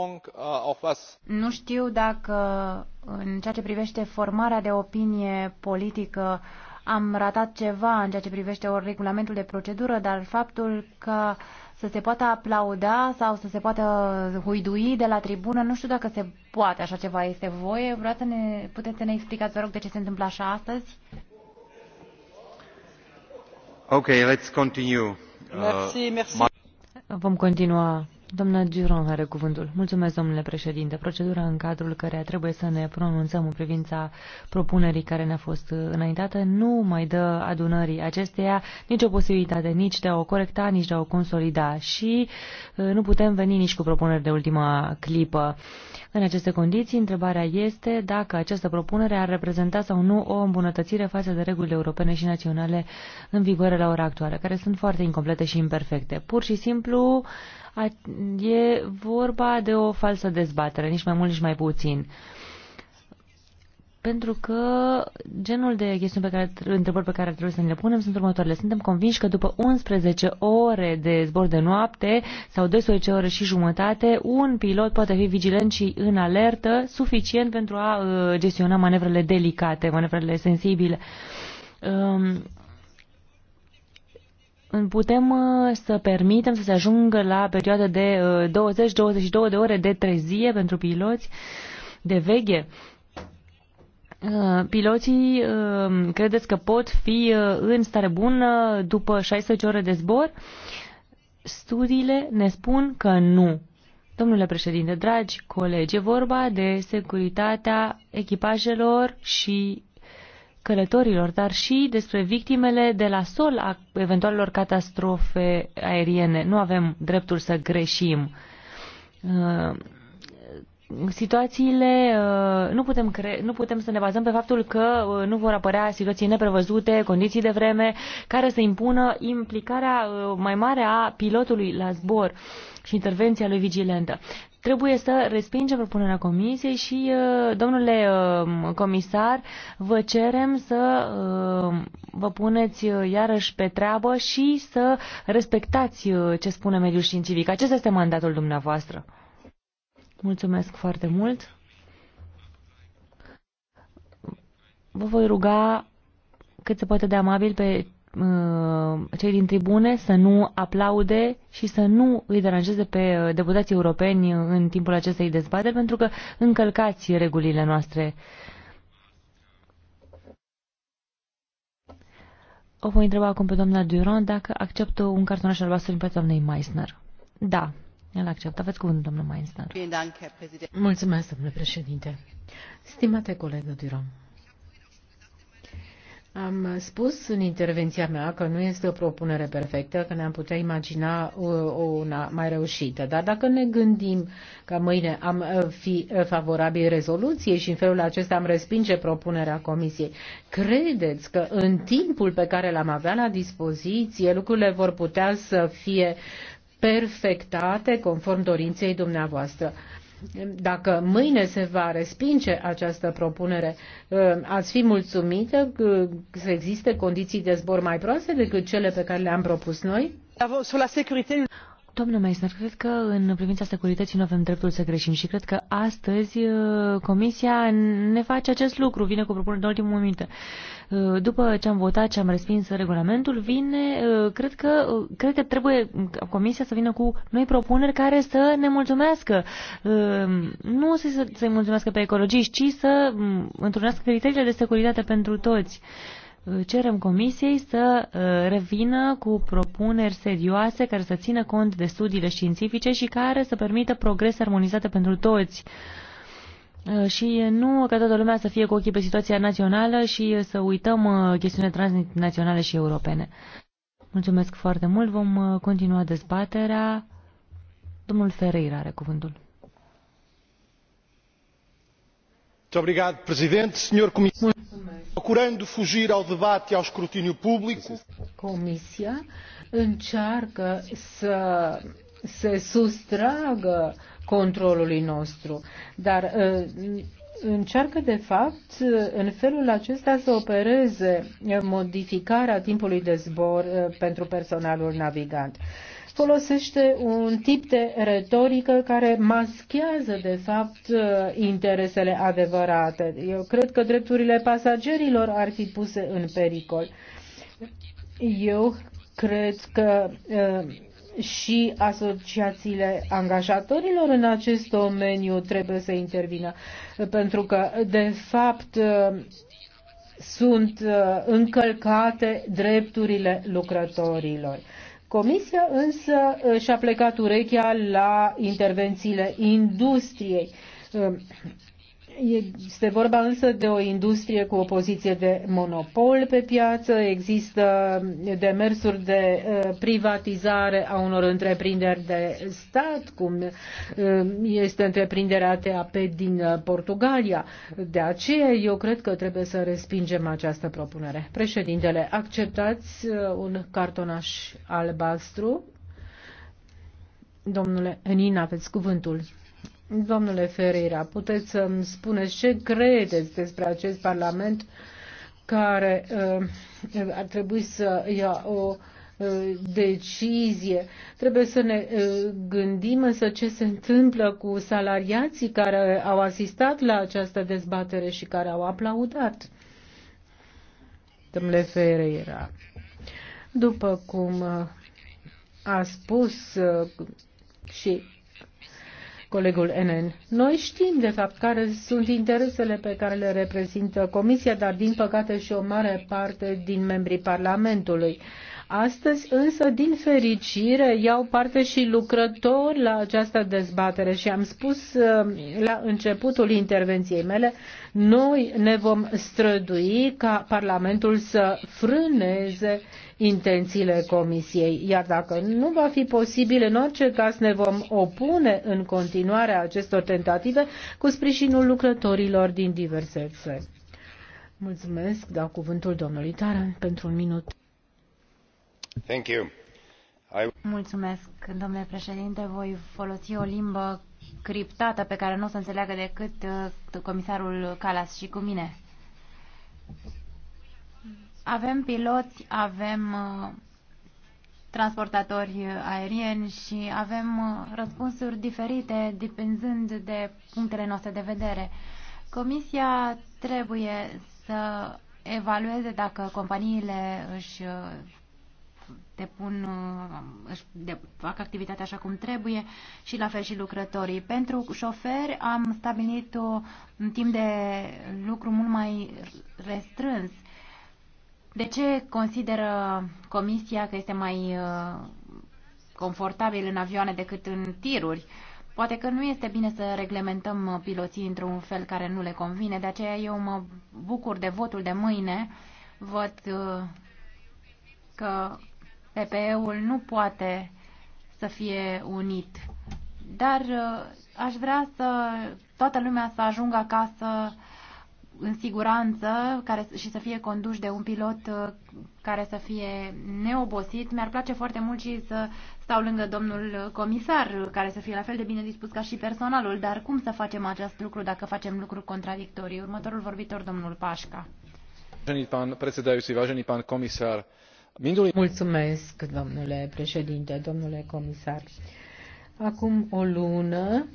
uh, nu știu dacă în ceea ce privește formarea de opinie politică am ratat ceva în ceea ce privește regulamentul de procedură, dar faptul că uh, să se poată aplauda sau să se poată huidui de la tribună. Nu știu dacă se poate așa ceva. Este voie? Vreau să ne, puteți să ne explicați, vă rog, de ce se întâmplă așa astăzi? Ok, let's continue. Uh, merci, merci. Uh, Vom continua Domnul Giron are cuvântul. Mulțumesc, domnule președinte. Procedura în cadrul căreia trebuie să ne pronunțăm în privința propunerii care ne-a fost uh, înaintată nu mai dă adunării acesteia nicio posibilitate nici de a o corecta, nici de a o consolida și uh, nu putem veni nici cu propuneri de ultima clipă. În aceste condiții, întrebarea este dacă această propunere ar reprezenta sau nu o îmbunătățire față de regulile europene și naționale în vigoare la ora actuală, care sunt foarte incomplete și imperfecte. Pur și simplu, E vorba de o falsă dezbatere, nici mai mult, nici mai puțin. Pentru că genul de chestiuni pe care, întrebări pe care trebuie să ne le punem sunt următoarele. Suntem convinși că după 11 ore de zbor de noapte sau 12 ore și jumătate, un pilot poate fi vigilent și în alertă suficient pentru a uh, gestiona manevrele delicate, manevrele sensibile. Um, putem uh, să permitem să se ajungă la perioada de 20-22 uh, de ore de trezie pentru piloți de veche. Uh, piloții credeți că pot fi în stare bună după 16 ore de zbor? Studiile ne spun că nu. Domnule președinte, dragi colegi, e vorba de securitatea echipajelor și călătorilor, dar și despre victimele de la sol a eventualelor catastrofe aeriene. Nu avem dreptul să greșim. Uh, situațiile, uh, nu putem, cre- nu putem să ne bazăm pe faptul că uh, nu vor apărea situații neprevăzute, condiții de vreme, care să impună implicarea mai mare a pilotului la zbor și intervenția lui vigilentă. Trebuie să respingem propunerea comisiei și, uh, domnule um, comisar, vă cerem să um, vă puneți uh, iarăși pe treabă și să respectați uh, ce spune mediul științific. Acesta este mandatul dumneavoastră. Mulțumesc foarte mult. Vă voi ruga cât se poate de amabil pe Uh, cei din tribune să nu aplaude și să nu îi deranjeze pe uh, deputații europeni în timpul acestei dezbateri, pentru că încălcați regulile noastre. O voi întreba acum pe doamna Durand dacă acceptă un cartonaș albastru din partea doamnei Meissner. Da, el acceptă. Aveți cuvântul, doamna Meissner. Mulțumesc, domnule președinte. Stimate colegă Durand, am spus în intervenția mea că nu este o propunere perfectă, că ne-am putea imagina uh, una mai reușită. Dar dacă ne gândim că mâine am uh, fi uh, favorabil rezoluției și în felul acesta am respinge propunerea Comisiei, credeți că în timpul pe care l-am avea la dispoziție lucrurile vor putea să fie perfectate conform dorinței dumneavoastră? Uh, dacă mâine se va respinge această propunere, uh, ați fi mulțumită că uh, să existe condiții de zbor mai proaste decât cele pe care le-am propus noi? Domnule Meisner, cred că în privința securității nu avem dreptul să greșim și cred că astăzi uh, Comisia ne face acest lucru, vine cu propunere de ultimul minute. Uh, după ce am votat și am respins regulamentul, vine, uh, cred că, cred că trebuie Comisia să vină cu noi propuneri care să ne mulțumească. Nu să-i mulțumească pe ecologiști, ci să mm, întrunească criteriile de securitate pentru toți cerem Comisiei să uh, revină cu propuneri serioase care să țină cont de studiile științifice și care să permită progrese armonizate pentru toți uh, și nu ca toată lumea să fie cu ochii pe situația națională și să uităm uh, chestiunile transnaționale și europene. Mulțumesc foarte mult. Vom continua dezbaterea. Domnul Ferreira are cuvântul. Mulțumesc, președinte, procurando fugir ao debate e ao escrutínio público. Comisia încearcă să se sustragă controlului nostru, dar ă, încearcă de fapt în felul acesta să opereze modificarea timpului de zbor uh, pentru personalul navigant. Folosește un tip de retorică care maschează de fapt uh, interesele adevărate. Eu cred că drepturile pasagerilor ar fi puse în pericol. Eu cred că uh, și asociațiile angajatorilor în acest domeniu trebuie să intervină, pentru că, de fapt, sunt uh, încălcate drepturile lucrătorilor. Comisia însă uh, și-a plecat urechea la intervențiile industriei uh, este vorba însă de o industrie cu o poziție de monopol pe piață, există demersuri de uh, privatizare a unor întreprinderi de stat, cum uh, este întreprinderea TAP din uh, Portugalia. De aceea eu cred că trebuie să respingem această propunere. Președintele, acceptați un cartonaș albastru? Domnule Enin, aveți cuvântul. Domnule Ferreira, puteți să-mi spuneți ce credeți despre acest Parlament care uh, ar trebui să ia o uh, decizie. Trebuie să ne uh, gândim însă ce se întâmplă cu salariații care au asistat la această dezbatere și care au aplaudat. Domnule Ferreira, după cum uh, a spus uh, și colegul Enen. Noi știm, de fapt, care sunt interesele pe care le reprezintă Comisia, dar, din păcate, și o mare parte din membrii Parlamentului. Astăzi însă, din fericire, iau parte și lucrători la această dezbatere și am spus uh, la începutul intervenției mele, noi ne vom strădui ca Parlamentul să frâneze intențiile Comisiei, iar dacă nu va fi posibil, în orice caz ne vom opune în continuare acestor tentative cu sprijinul lucrătorilor din diverse țări. Mulțumesc, dau cuvântul domnului Taran pentru un minut. Mulțumesc, domnule președinte. Voi folosi o limbă criptată pe care nu o să înțeleagă decât uh, comisarul Calas și cu mine. Avem piloți, avem uh, transportatori aerieni și avem uh, răspunsuri diferite depinzând de punctele noastre de vedere. Comisia trebuie să evalueze dacă companiile își te uh, își de, fac activitatea așa cum trebuie și la fel și lucrătorii. Pentru șoferi am stabilit o, un timp de lucru mult mai restrâns. De ce consideră Comisia că este mai uh, confortabil în avioane decât în tiruri? Poate că nu este bine să reglementăm uh, piloții într-un fel care nu le convine, de aceea eu mă bucur de votul de mâine. Văd că PPE-ul nu poate să fie unit. Dar uh, aș vrea să toată lumea să ajungă acasă în siguranță care, și să fie conduși de un pilot uh, care să fie neobosit. Mi-ar place foarte mult și să stau lângă domnul comisar, uh, care să fie la fel de bine dispus ca și personalul, dar cum să facem acest lucru dacă facem lucruri contradictorii? Următorul vorbitor, domnul Pașca. Vážený pán predsedajúci, vážený pán komisár, Mulțumesc, domnule președinte, domnule comisar. Acum o lună,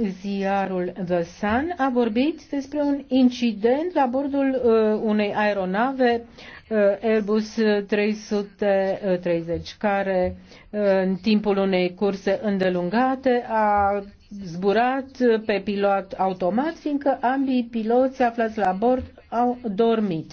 ziarul The Sun a vorbit despre un incident la bordul uh, unei aeronave uh, Airbus 330 care uh, în timpul unei curse îndelungate a zburat pe pilot automat fiindcă ambii piloți aflați la bord au dormit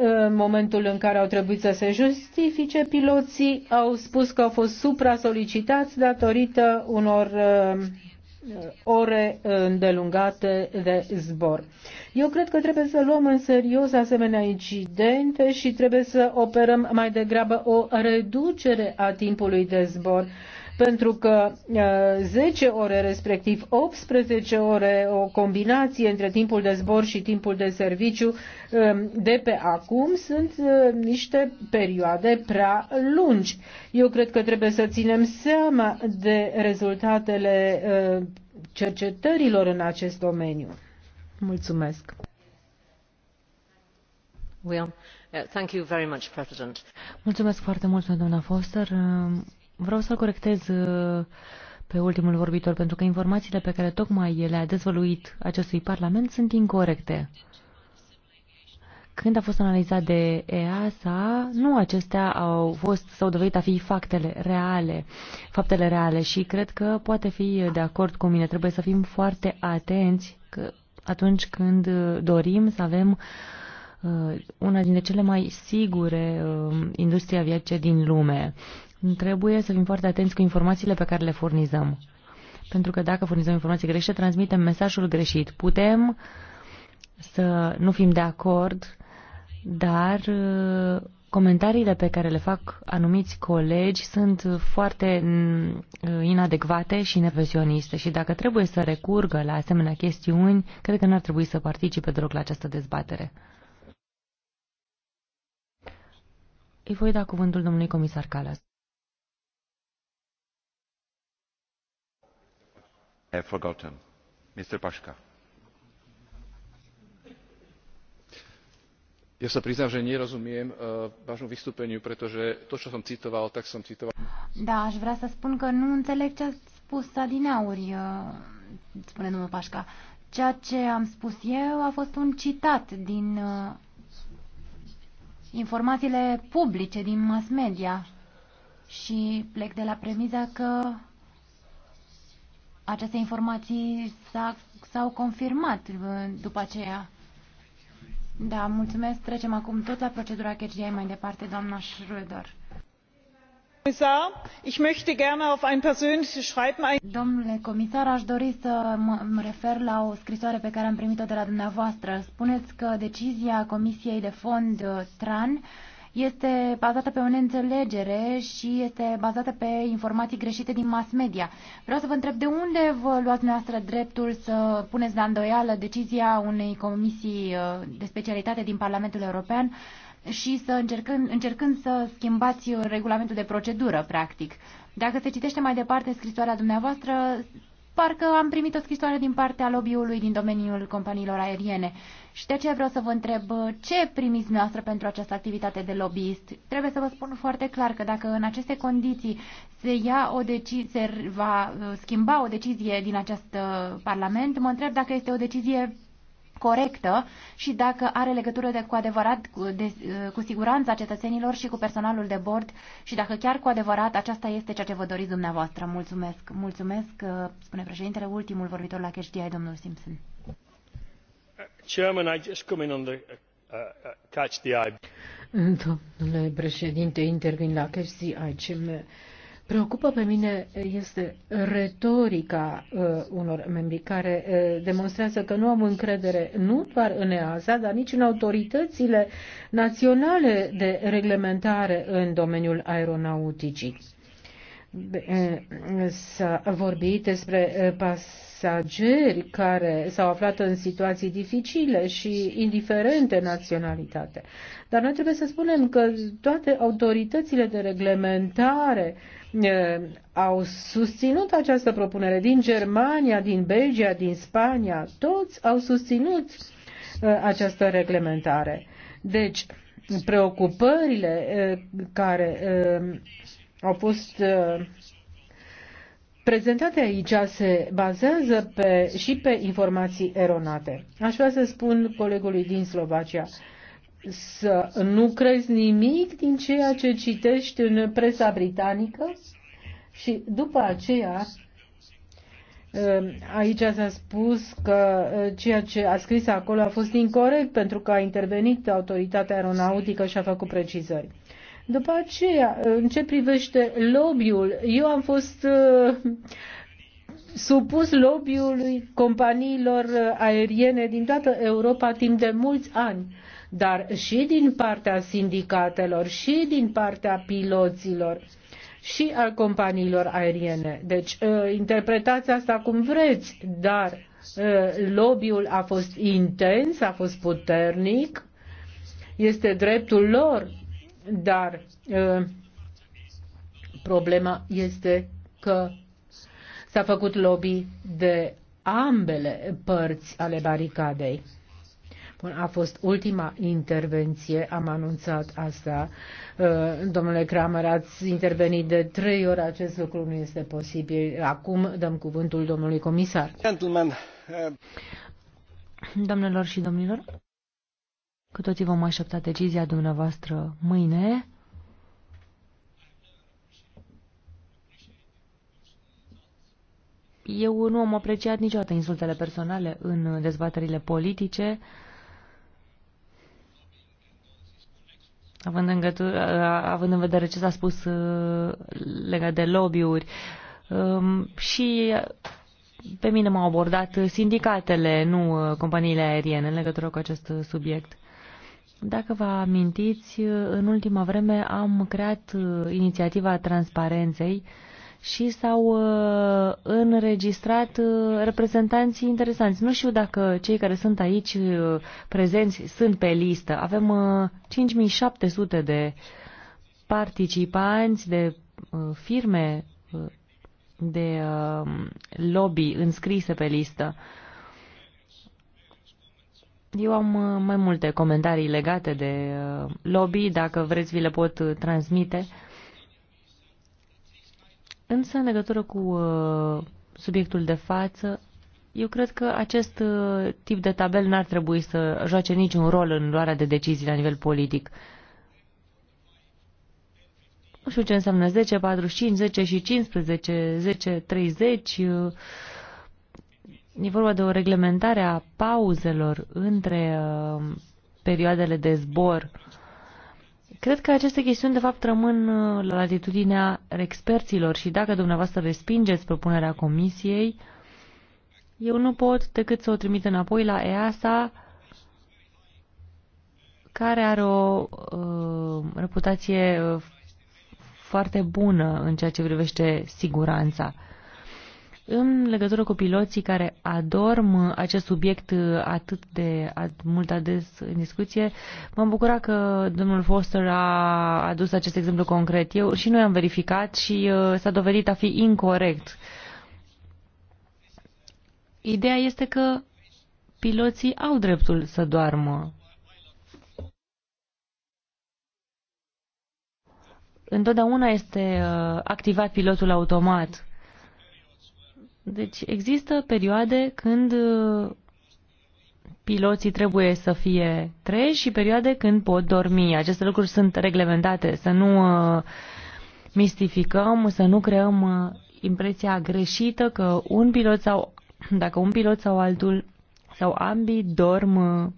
în momentul în care au trebuit să se justifice, piloții au spus că au fost supra-solicitați datorită unor uh, ore îndelungate de zbor. Eu cred că trebuie să luăm în serios asemenea incidente și trebuie să operăm mai degrabă o reducere a timpului de zbor pentru că 10 uh, ore, respectiv 18 ore, o combinație între timpul de zbor și timpul de serviciu um, de pe acum sunt uh, niște perioade prea lungi. Eu cred că trebuie să ținem seama de rezultatele uh, cercetărilor în acest domeniu. Mulțumesc. Mulțumesc foarte mult, doamna Foster. Vreau să-l corectez uh, pe ultimul vorbitor, pentru că informațiile pe care tocmai le-a dezvăluit acestui Parlament sunt incorrecte. Când a fost analizat de EASA, nu acestea au fost, s-au dovedit a fi faptele reale, faptele reale și cred că poate fi de acord cu mine. Trebuie să fim foarte atenți că atunci când uh, dorim să avem uh, una dintre cele mai sigure industrie aviatice din lume. Trebuie să fim foarte atenți cu informațiile pe care le furnizăm. Pentru că dacă furnizăm informații greșite, transmitem mesajul greșit. Putem să nu fim de acord, dar uh, comentariile pe care le fac anumiți colegi sunt foarte mm, uh, inadecvate și neversioniste și dacă trebuie să recurgă la asemenea chestiuni, cred că n-ar trebui să participe deloc la această dezbatere. Îi voi da cuvântul domnului comisar Calas. have forgotten. Mr. Paška. Ja sa priznám, že nerozumiem eh, vášmu vystúpeniu, pretože to, čo som citoval, tak som citoval. Da, aș vrea să spun că nu înțeleg ce a spus Adinauri, eh, spune domnul Pașca. Ceea ce am spus eu a fost un citat din eh, informațiile publice, din mass media. Și plec de la premiza că aceste informații s-au confirmat uh, după aceea. Da, mulțumesc. Trecem acum tot la procedura CHDI mai departe, doamna Schröder. Domnule comisar, aș dori să mă refer la o scrisoare pe care am primit-o de la dumneavoastră. Spuneți că decizia Comisiei de Fond uh, TRAN este bazată pe o neînțelegere și este bazată pe informații greșite din mass media. Vreau să vă întreb de unde vă luați noastră dreptul să puneți la îndoială decizia unei comisii uh, de specialitate din Parlamentul European și să încercând, încercând să schimbați regulamentul de procedură, practic. Dacă se citește mai departe scrisoarea dumneavoastră, parcă am primit o scrisoare din partea lobby-ului din domeniul companiilor aeriene. Și de aceea vreau să vă întreb ce primiți noastră pentru această activitate de lobbyist. Trebuie să vă spun foarte clar că dacă în aceste condiții se ia o decizie, se va schimba o decizie din acest uh, Parlament, mă întreb dacă este o decizie corectă și dacă are legătură de, cu adevărat cu, de, uh, cu siguranța cetățenilor și cu personalul de bord și dacă chiar cu adevărat aceasta este ceea ce vă doriți dumneavoastră. Mulțumesc. Mulțumesc, uh, spune președintele, ultimul vorbitor la CHDI, domnul Simpson. Chairman, I just come in on the uh, catch the eye. Domnule președinte, intervin la CHDI preocupă pe mine este retorica uh, unor membri care uh, demonstrează că nu au încredere nu doar în EASA, dar nici în autoritățile naționale de reglementare în domeniul aeronauticii. Uh, s-a vorbit despre uh, pasageri care s-au aflat în situații dificile și indiferente naționalitate. Dar noi trebuie să spunem că toate autoritățile de reglementare uh, au susținut această propunere din Germania, din Belgia, din Spania, toți au susținut această reglementare. Deci, preocupările care au fost prezentate aici se bazează pe, și pe informații eronate. Aș vrea să spun colegului din Slovacia, să nu crezi nimic din ceea ce citești în presa britanică și după aceea um, Aici s-a spus că uh, ceea ce a scris acolo a fost incorrect pentru că a intervenit autoritatea aeronautică și a făcut precizări. După aceea, în ce privește lobby-ul, eu am fost uh, supus lobby-ului companiilor uh, aeriene din toată Europa timp de mulți ani dar și din partea sindicatelor, și din partea piloților și al companiilor aeriene. Deci, uh, interpretați asta cum vreți, dar uh, lobby-ul a fost intens, a fost puternic, este dreptul lor, dar uh, problema este că s-a făcut lobby de ambele părți ale baricadei. Bun, a fost ultima intervenție, am anunțat asta. Uh, domnule Kramer, ați intervenit de trei ori, acest lucru nu este posibil. Acum dăm cuvântul domnului comisar. Gentlemen. Uh, domnilor și domnilor, cu toții vom aștepta decizia dumneavoastră mâine. Eu nu am apreciat niciodată insultele personale în dezbaterile politice. având în, gătură, având în vedere ce s-a spus uh, legat de lobby-uri. Um, și pe mine m-au abordat sindicatele, nu uh, companiile aeriene, în legătură cu acest subiect. Dacă vă amintiți, uh, în ultima vreme am creat inițiativa transparenței uh, și s-au uh, înregistrat uh, reprezentanții interesanți. Nu știu dacă cei care sunt aici uh, prezenți sunt pe listă. Avem 5700 de participanți, de firme de lobby înscrise pe listă. Eu am mai multe comentarii legate de lobby, dacă vreți vi le pot transmite. Însă, în legătură cu uh, subiectul de față, eu cred că acest uh, tip de tabel n-ar trebui să joace niciun rol în luarea de decizii la nivel politic. Nu știu ce înseamnă 10, 45, 10 și 15, 10, 30. Uh, e vorba de o reglementare a pauzelor între uh, perioadele de zbor. Cred că aceste chestiuni, de fapt, rămân uh, la latitudinea experților și dacă dumneavoastră respingeți propunerea comisiei, eu nu pot decât să o trimit înapoi la EASA, care are o uh, reputație uh, foarte bună în ceea ce privește siguranța. În legătură cu piloții care adorm acest subiect atât de mult ades în discuție, m-am bucurat că domnul Foster a adus acest exemplu concret. Eu și noi am verificat și uh, s-a dovedit a fi incorrect. Ideea este că piloții au dreptul să doarmă. Întotdeauna este uh, activat pilotul automat deci există perioade când uh, piloții trebuie să fie treji și perioade când pot dormi. Aceste lucruri sunt reglementate, să nu uh, mistificăm, să nu creăm uh, impresia greșită că un pilot sau dacă un pilot sau altul sau ambii dorm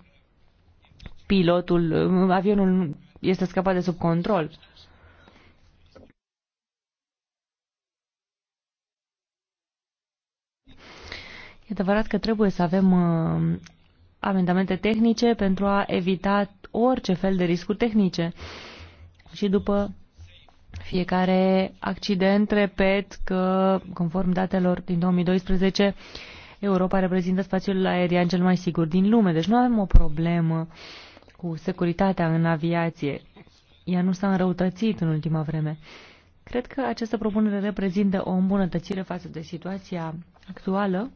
pilotul, avionul este scăpat de sub control. E adevărat că trebuie să avem uh, amendamente tehnice pentru a evita orice fel de riscuri tehnice. Și după fiecare accident, repet că, conform datelor din 2012, Europa reprezintă spațiul aerian cel mai sigur din lume. Deci nu avem o problemă cu securitatea în aviație. Ea nu s-a înrăutățit în ultima vreme. Cred că această propunere reprezintă o îmbunătățire față de situația actuală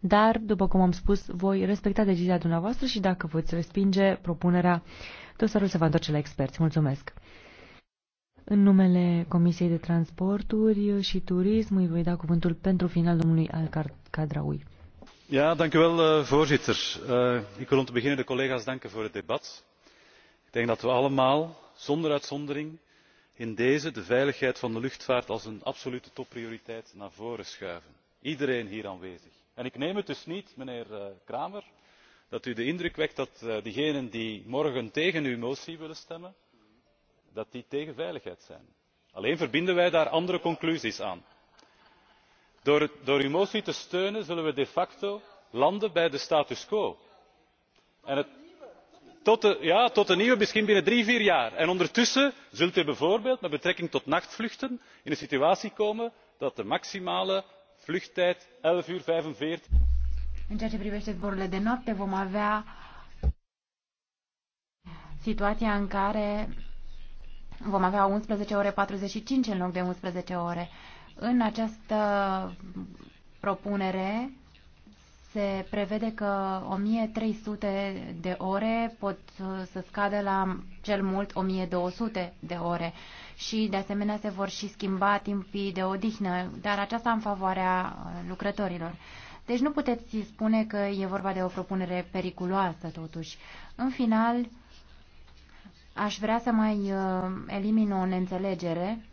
dar, după cum am spus, voi respecta decizia dumneavoastră și dacă voți respinge propunerea, dosarul se va întoarce la experți. Mulțumesc! În numele Comisiei de Transporturi și Turism îi voi da cuvântul pentru final domnului Alcar Cadraui. Ja, dank u wel, eh, voorzitter. Uh, ik wil om te beginnen de collega's danken voor het debat. Ik denk dat we allemaal, zonder uitzondering, in deze de veiligheid van de luchtvaart als een absolute topprioriteit naar voren schuiven. Iedereen hier aanwezig ik neem het dus niet mijnheer cramer eh, dat u de indruk wekt dat eh, diegenen die morgen tegen uw motie willen stemmen tegen veiligheid zijn. alleen verbinden wij daar andere conclusies aan. door uw motie te steunen zullen we de facto landen bij de status quo tot een nieuwe misschien binnen drie vier jaar. en ondertussen zult u bijvoorbeeld met betrekking tot nachtvluchten in een situatie komen dat de maximale vluchttijd uur În ceea ce privește zborurile de noapte, vom avea situația în care vom avea 11 ore 45 în loc de 11 ore. În această propunere se prevede că 1300 de ore pot să scadă la cel mult 1200 de ore și de asemenea se vor și schimba timpii de odihnă, dar aceasta în favoarea uh, lucrătorilor. Deci nu puteți spune că e vorba de o propunere periculoasă totuși. În final, aș vrea să mai uh, elimin o neînțelegere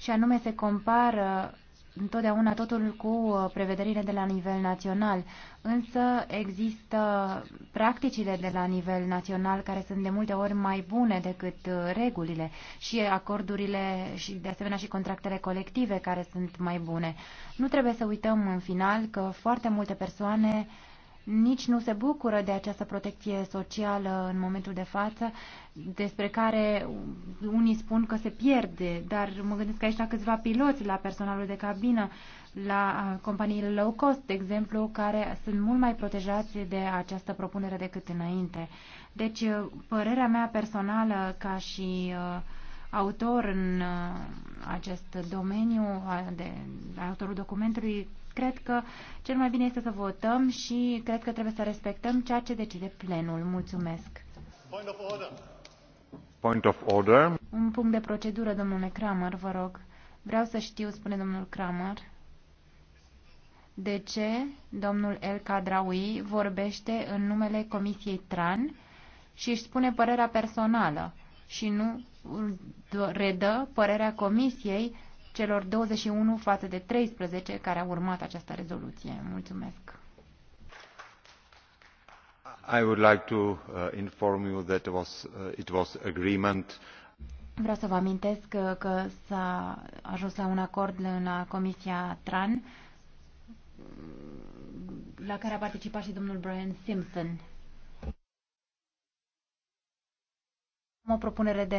și anume se compară întotdeauna totul cu uh, prevederile de la nivel național, însă există practicile de la nivel național care sunt de multe ori mai bune decât uh, regulile și acordurile și de asemenea și contractele colective care sunt mai bune. Nu trebuie să uităm în final că foarte multe persoane uh, nici nu se bucură de această protecție socială în momentul de față, despre care unii spun că se pierde, dar mă gândesc aici la câțiva piloți, la personalul de cabină, la companiile low cost, de exemplu, care sunt mult mai protejați de această propunere decât înainte. Deci, uh, părerea mea personală ca și uh, autor în uh, acest domeniu, de, autorul documentului, cred că cel mai bine este să votăm și cred că trebuie să respectăm ceea ce decide plenul. Mulțumesc. Point of order. Point of order. Un punct de procedură, domnule Kramer, vă rog. Vreau să știu, spune domnul Kramer, de ce domnul El Kadraoui vorbește în numele Comisiei TRAN și își spune părerea personală și nu redă părerea Comisiei celor 21 față de 13 care au urmat această rezoluție. Mulțumesc. I would like to uh, inform you that it was, uh, it was agreement Vreau să vă amintesc că, uh, că s-a ajuns la un acord în uh, Comisia TRAN la care a participat și domnul Brian Simpson. Am o propunere de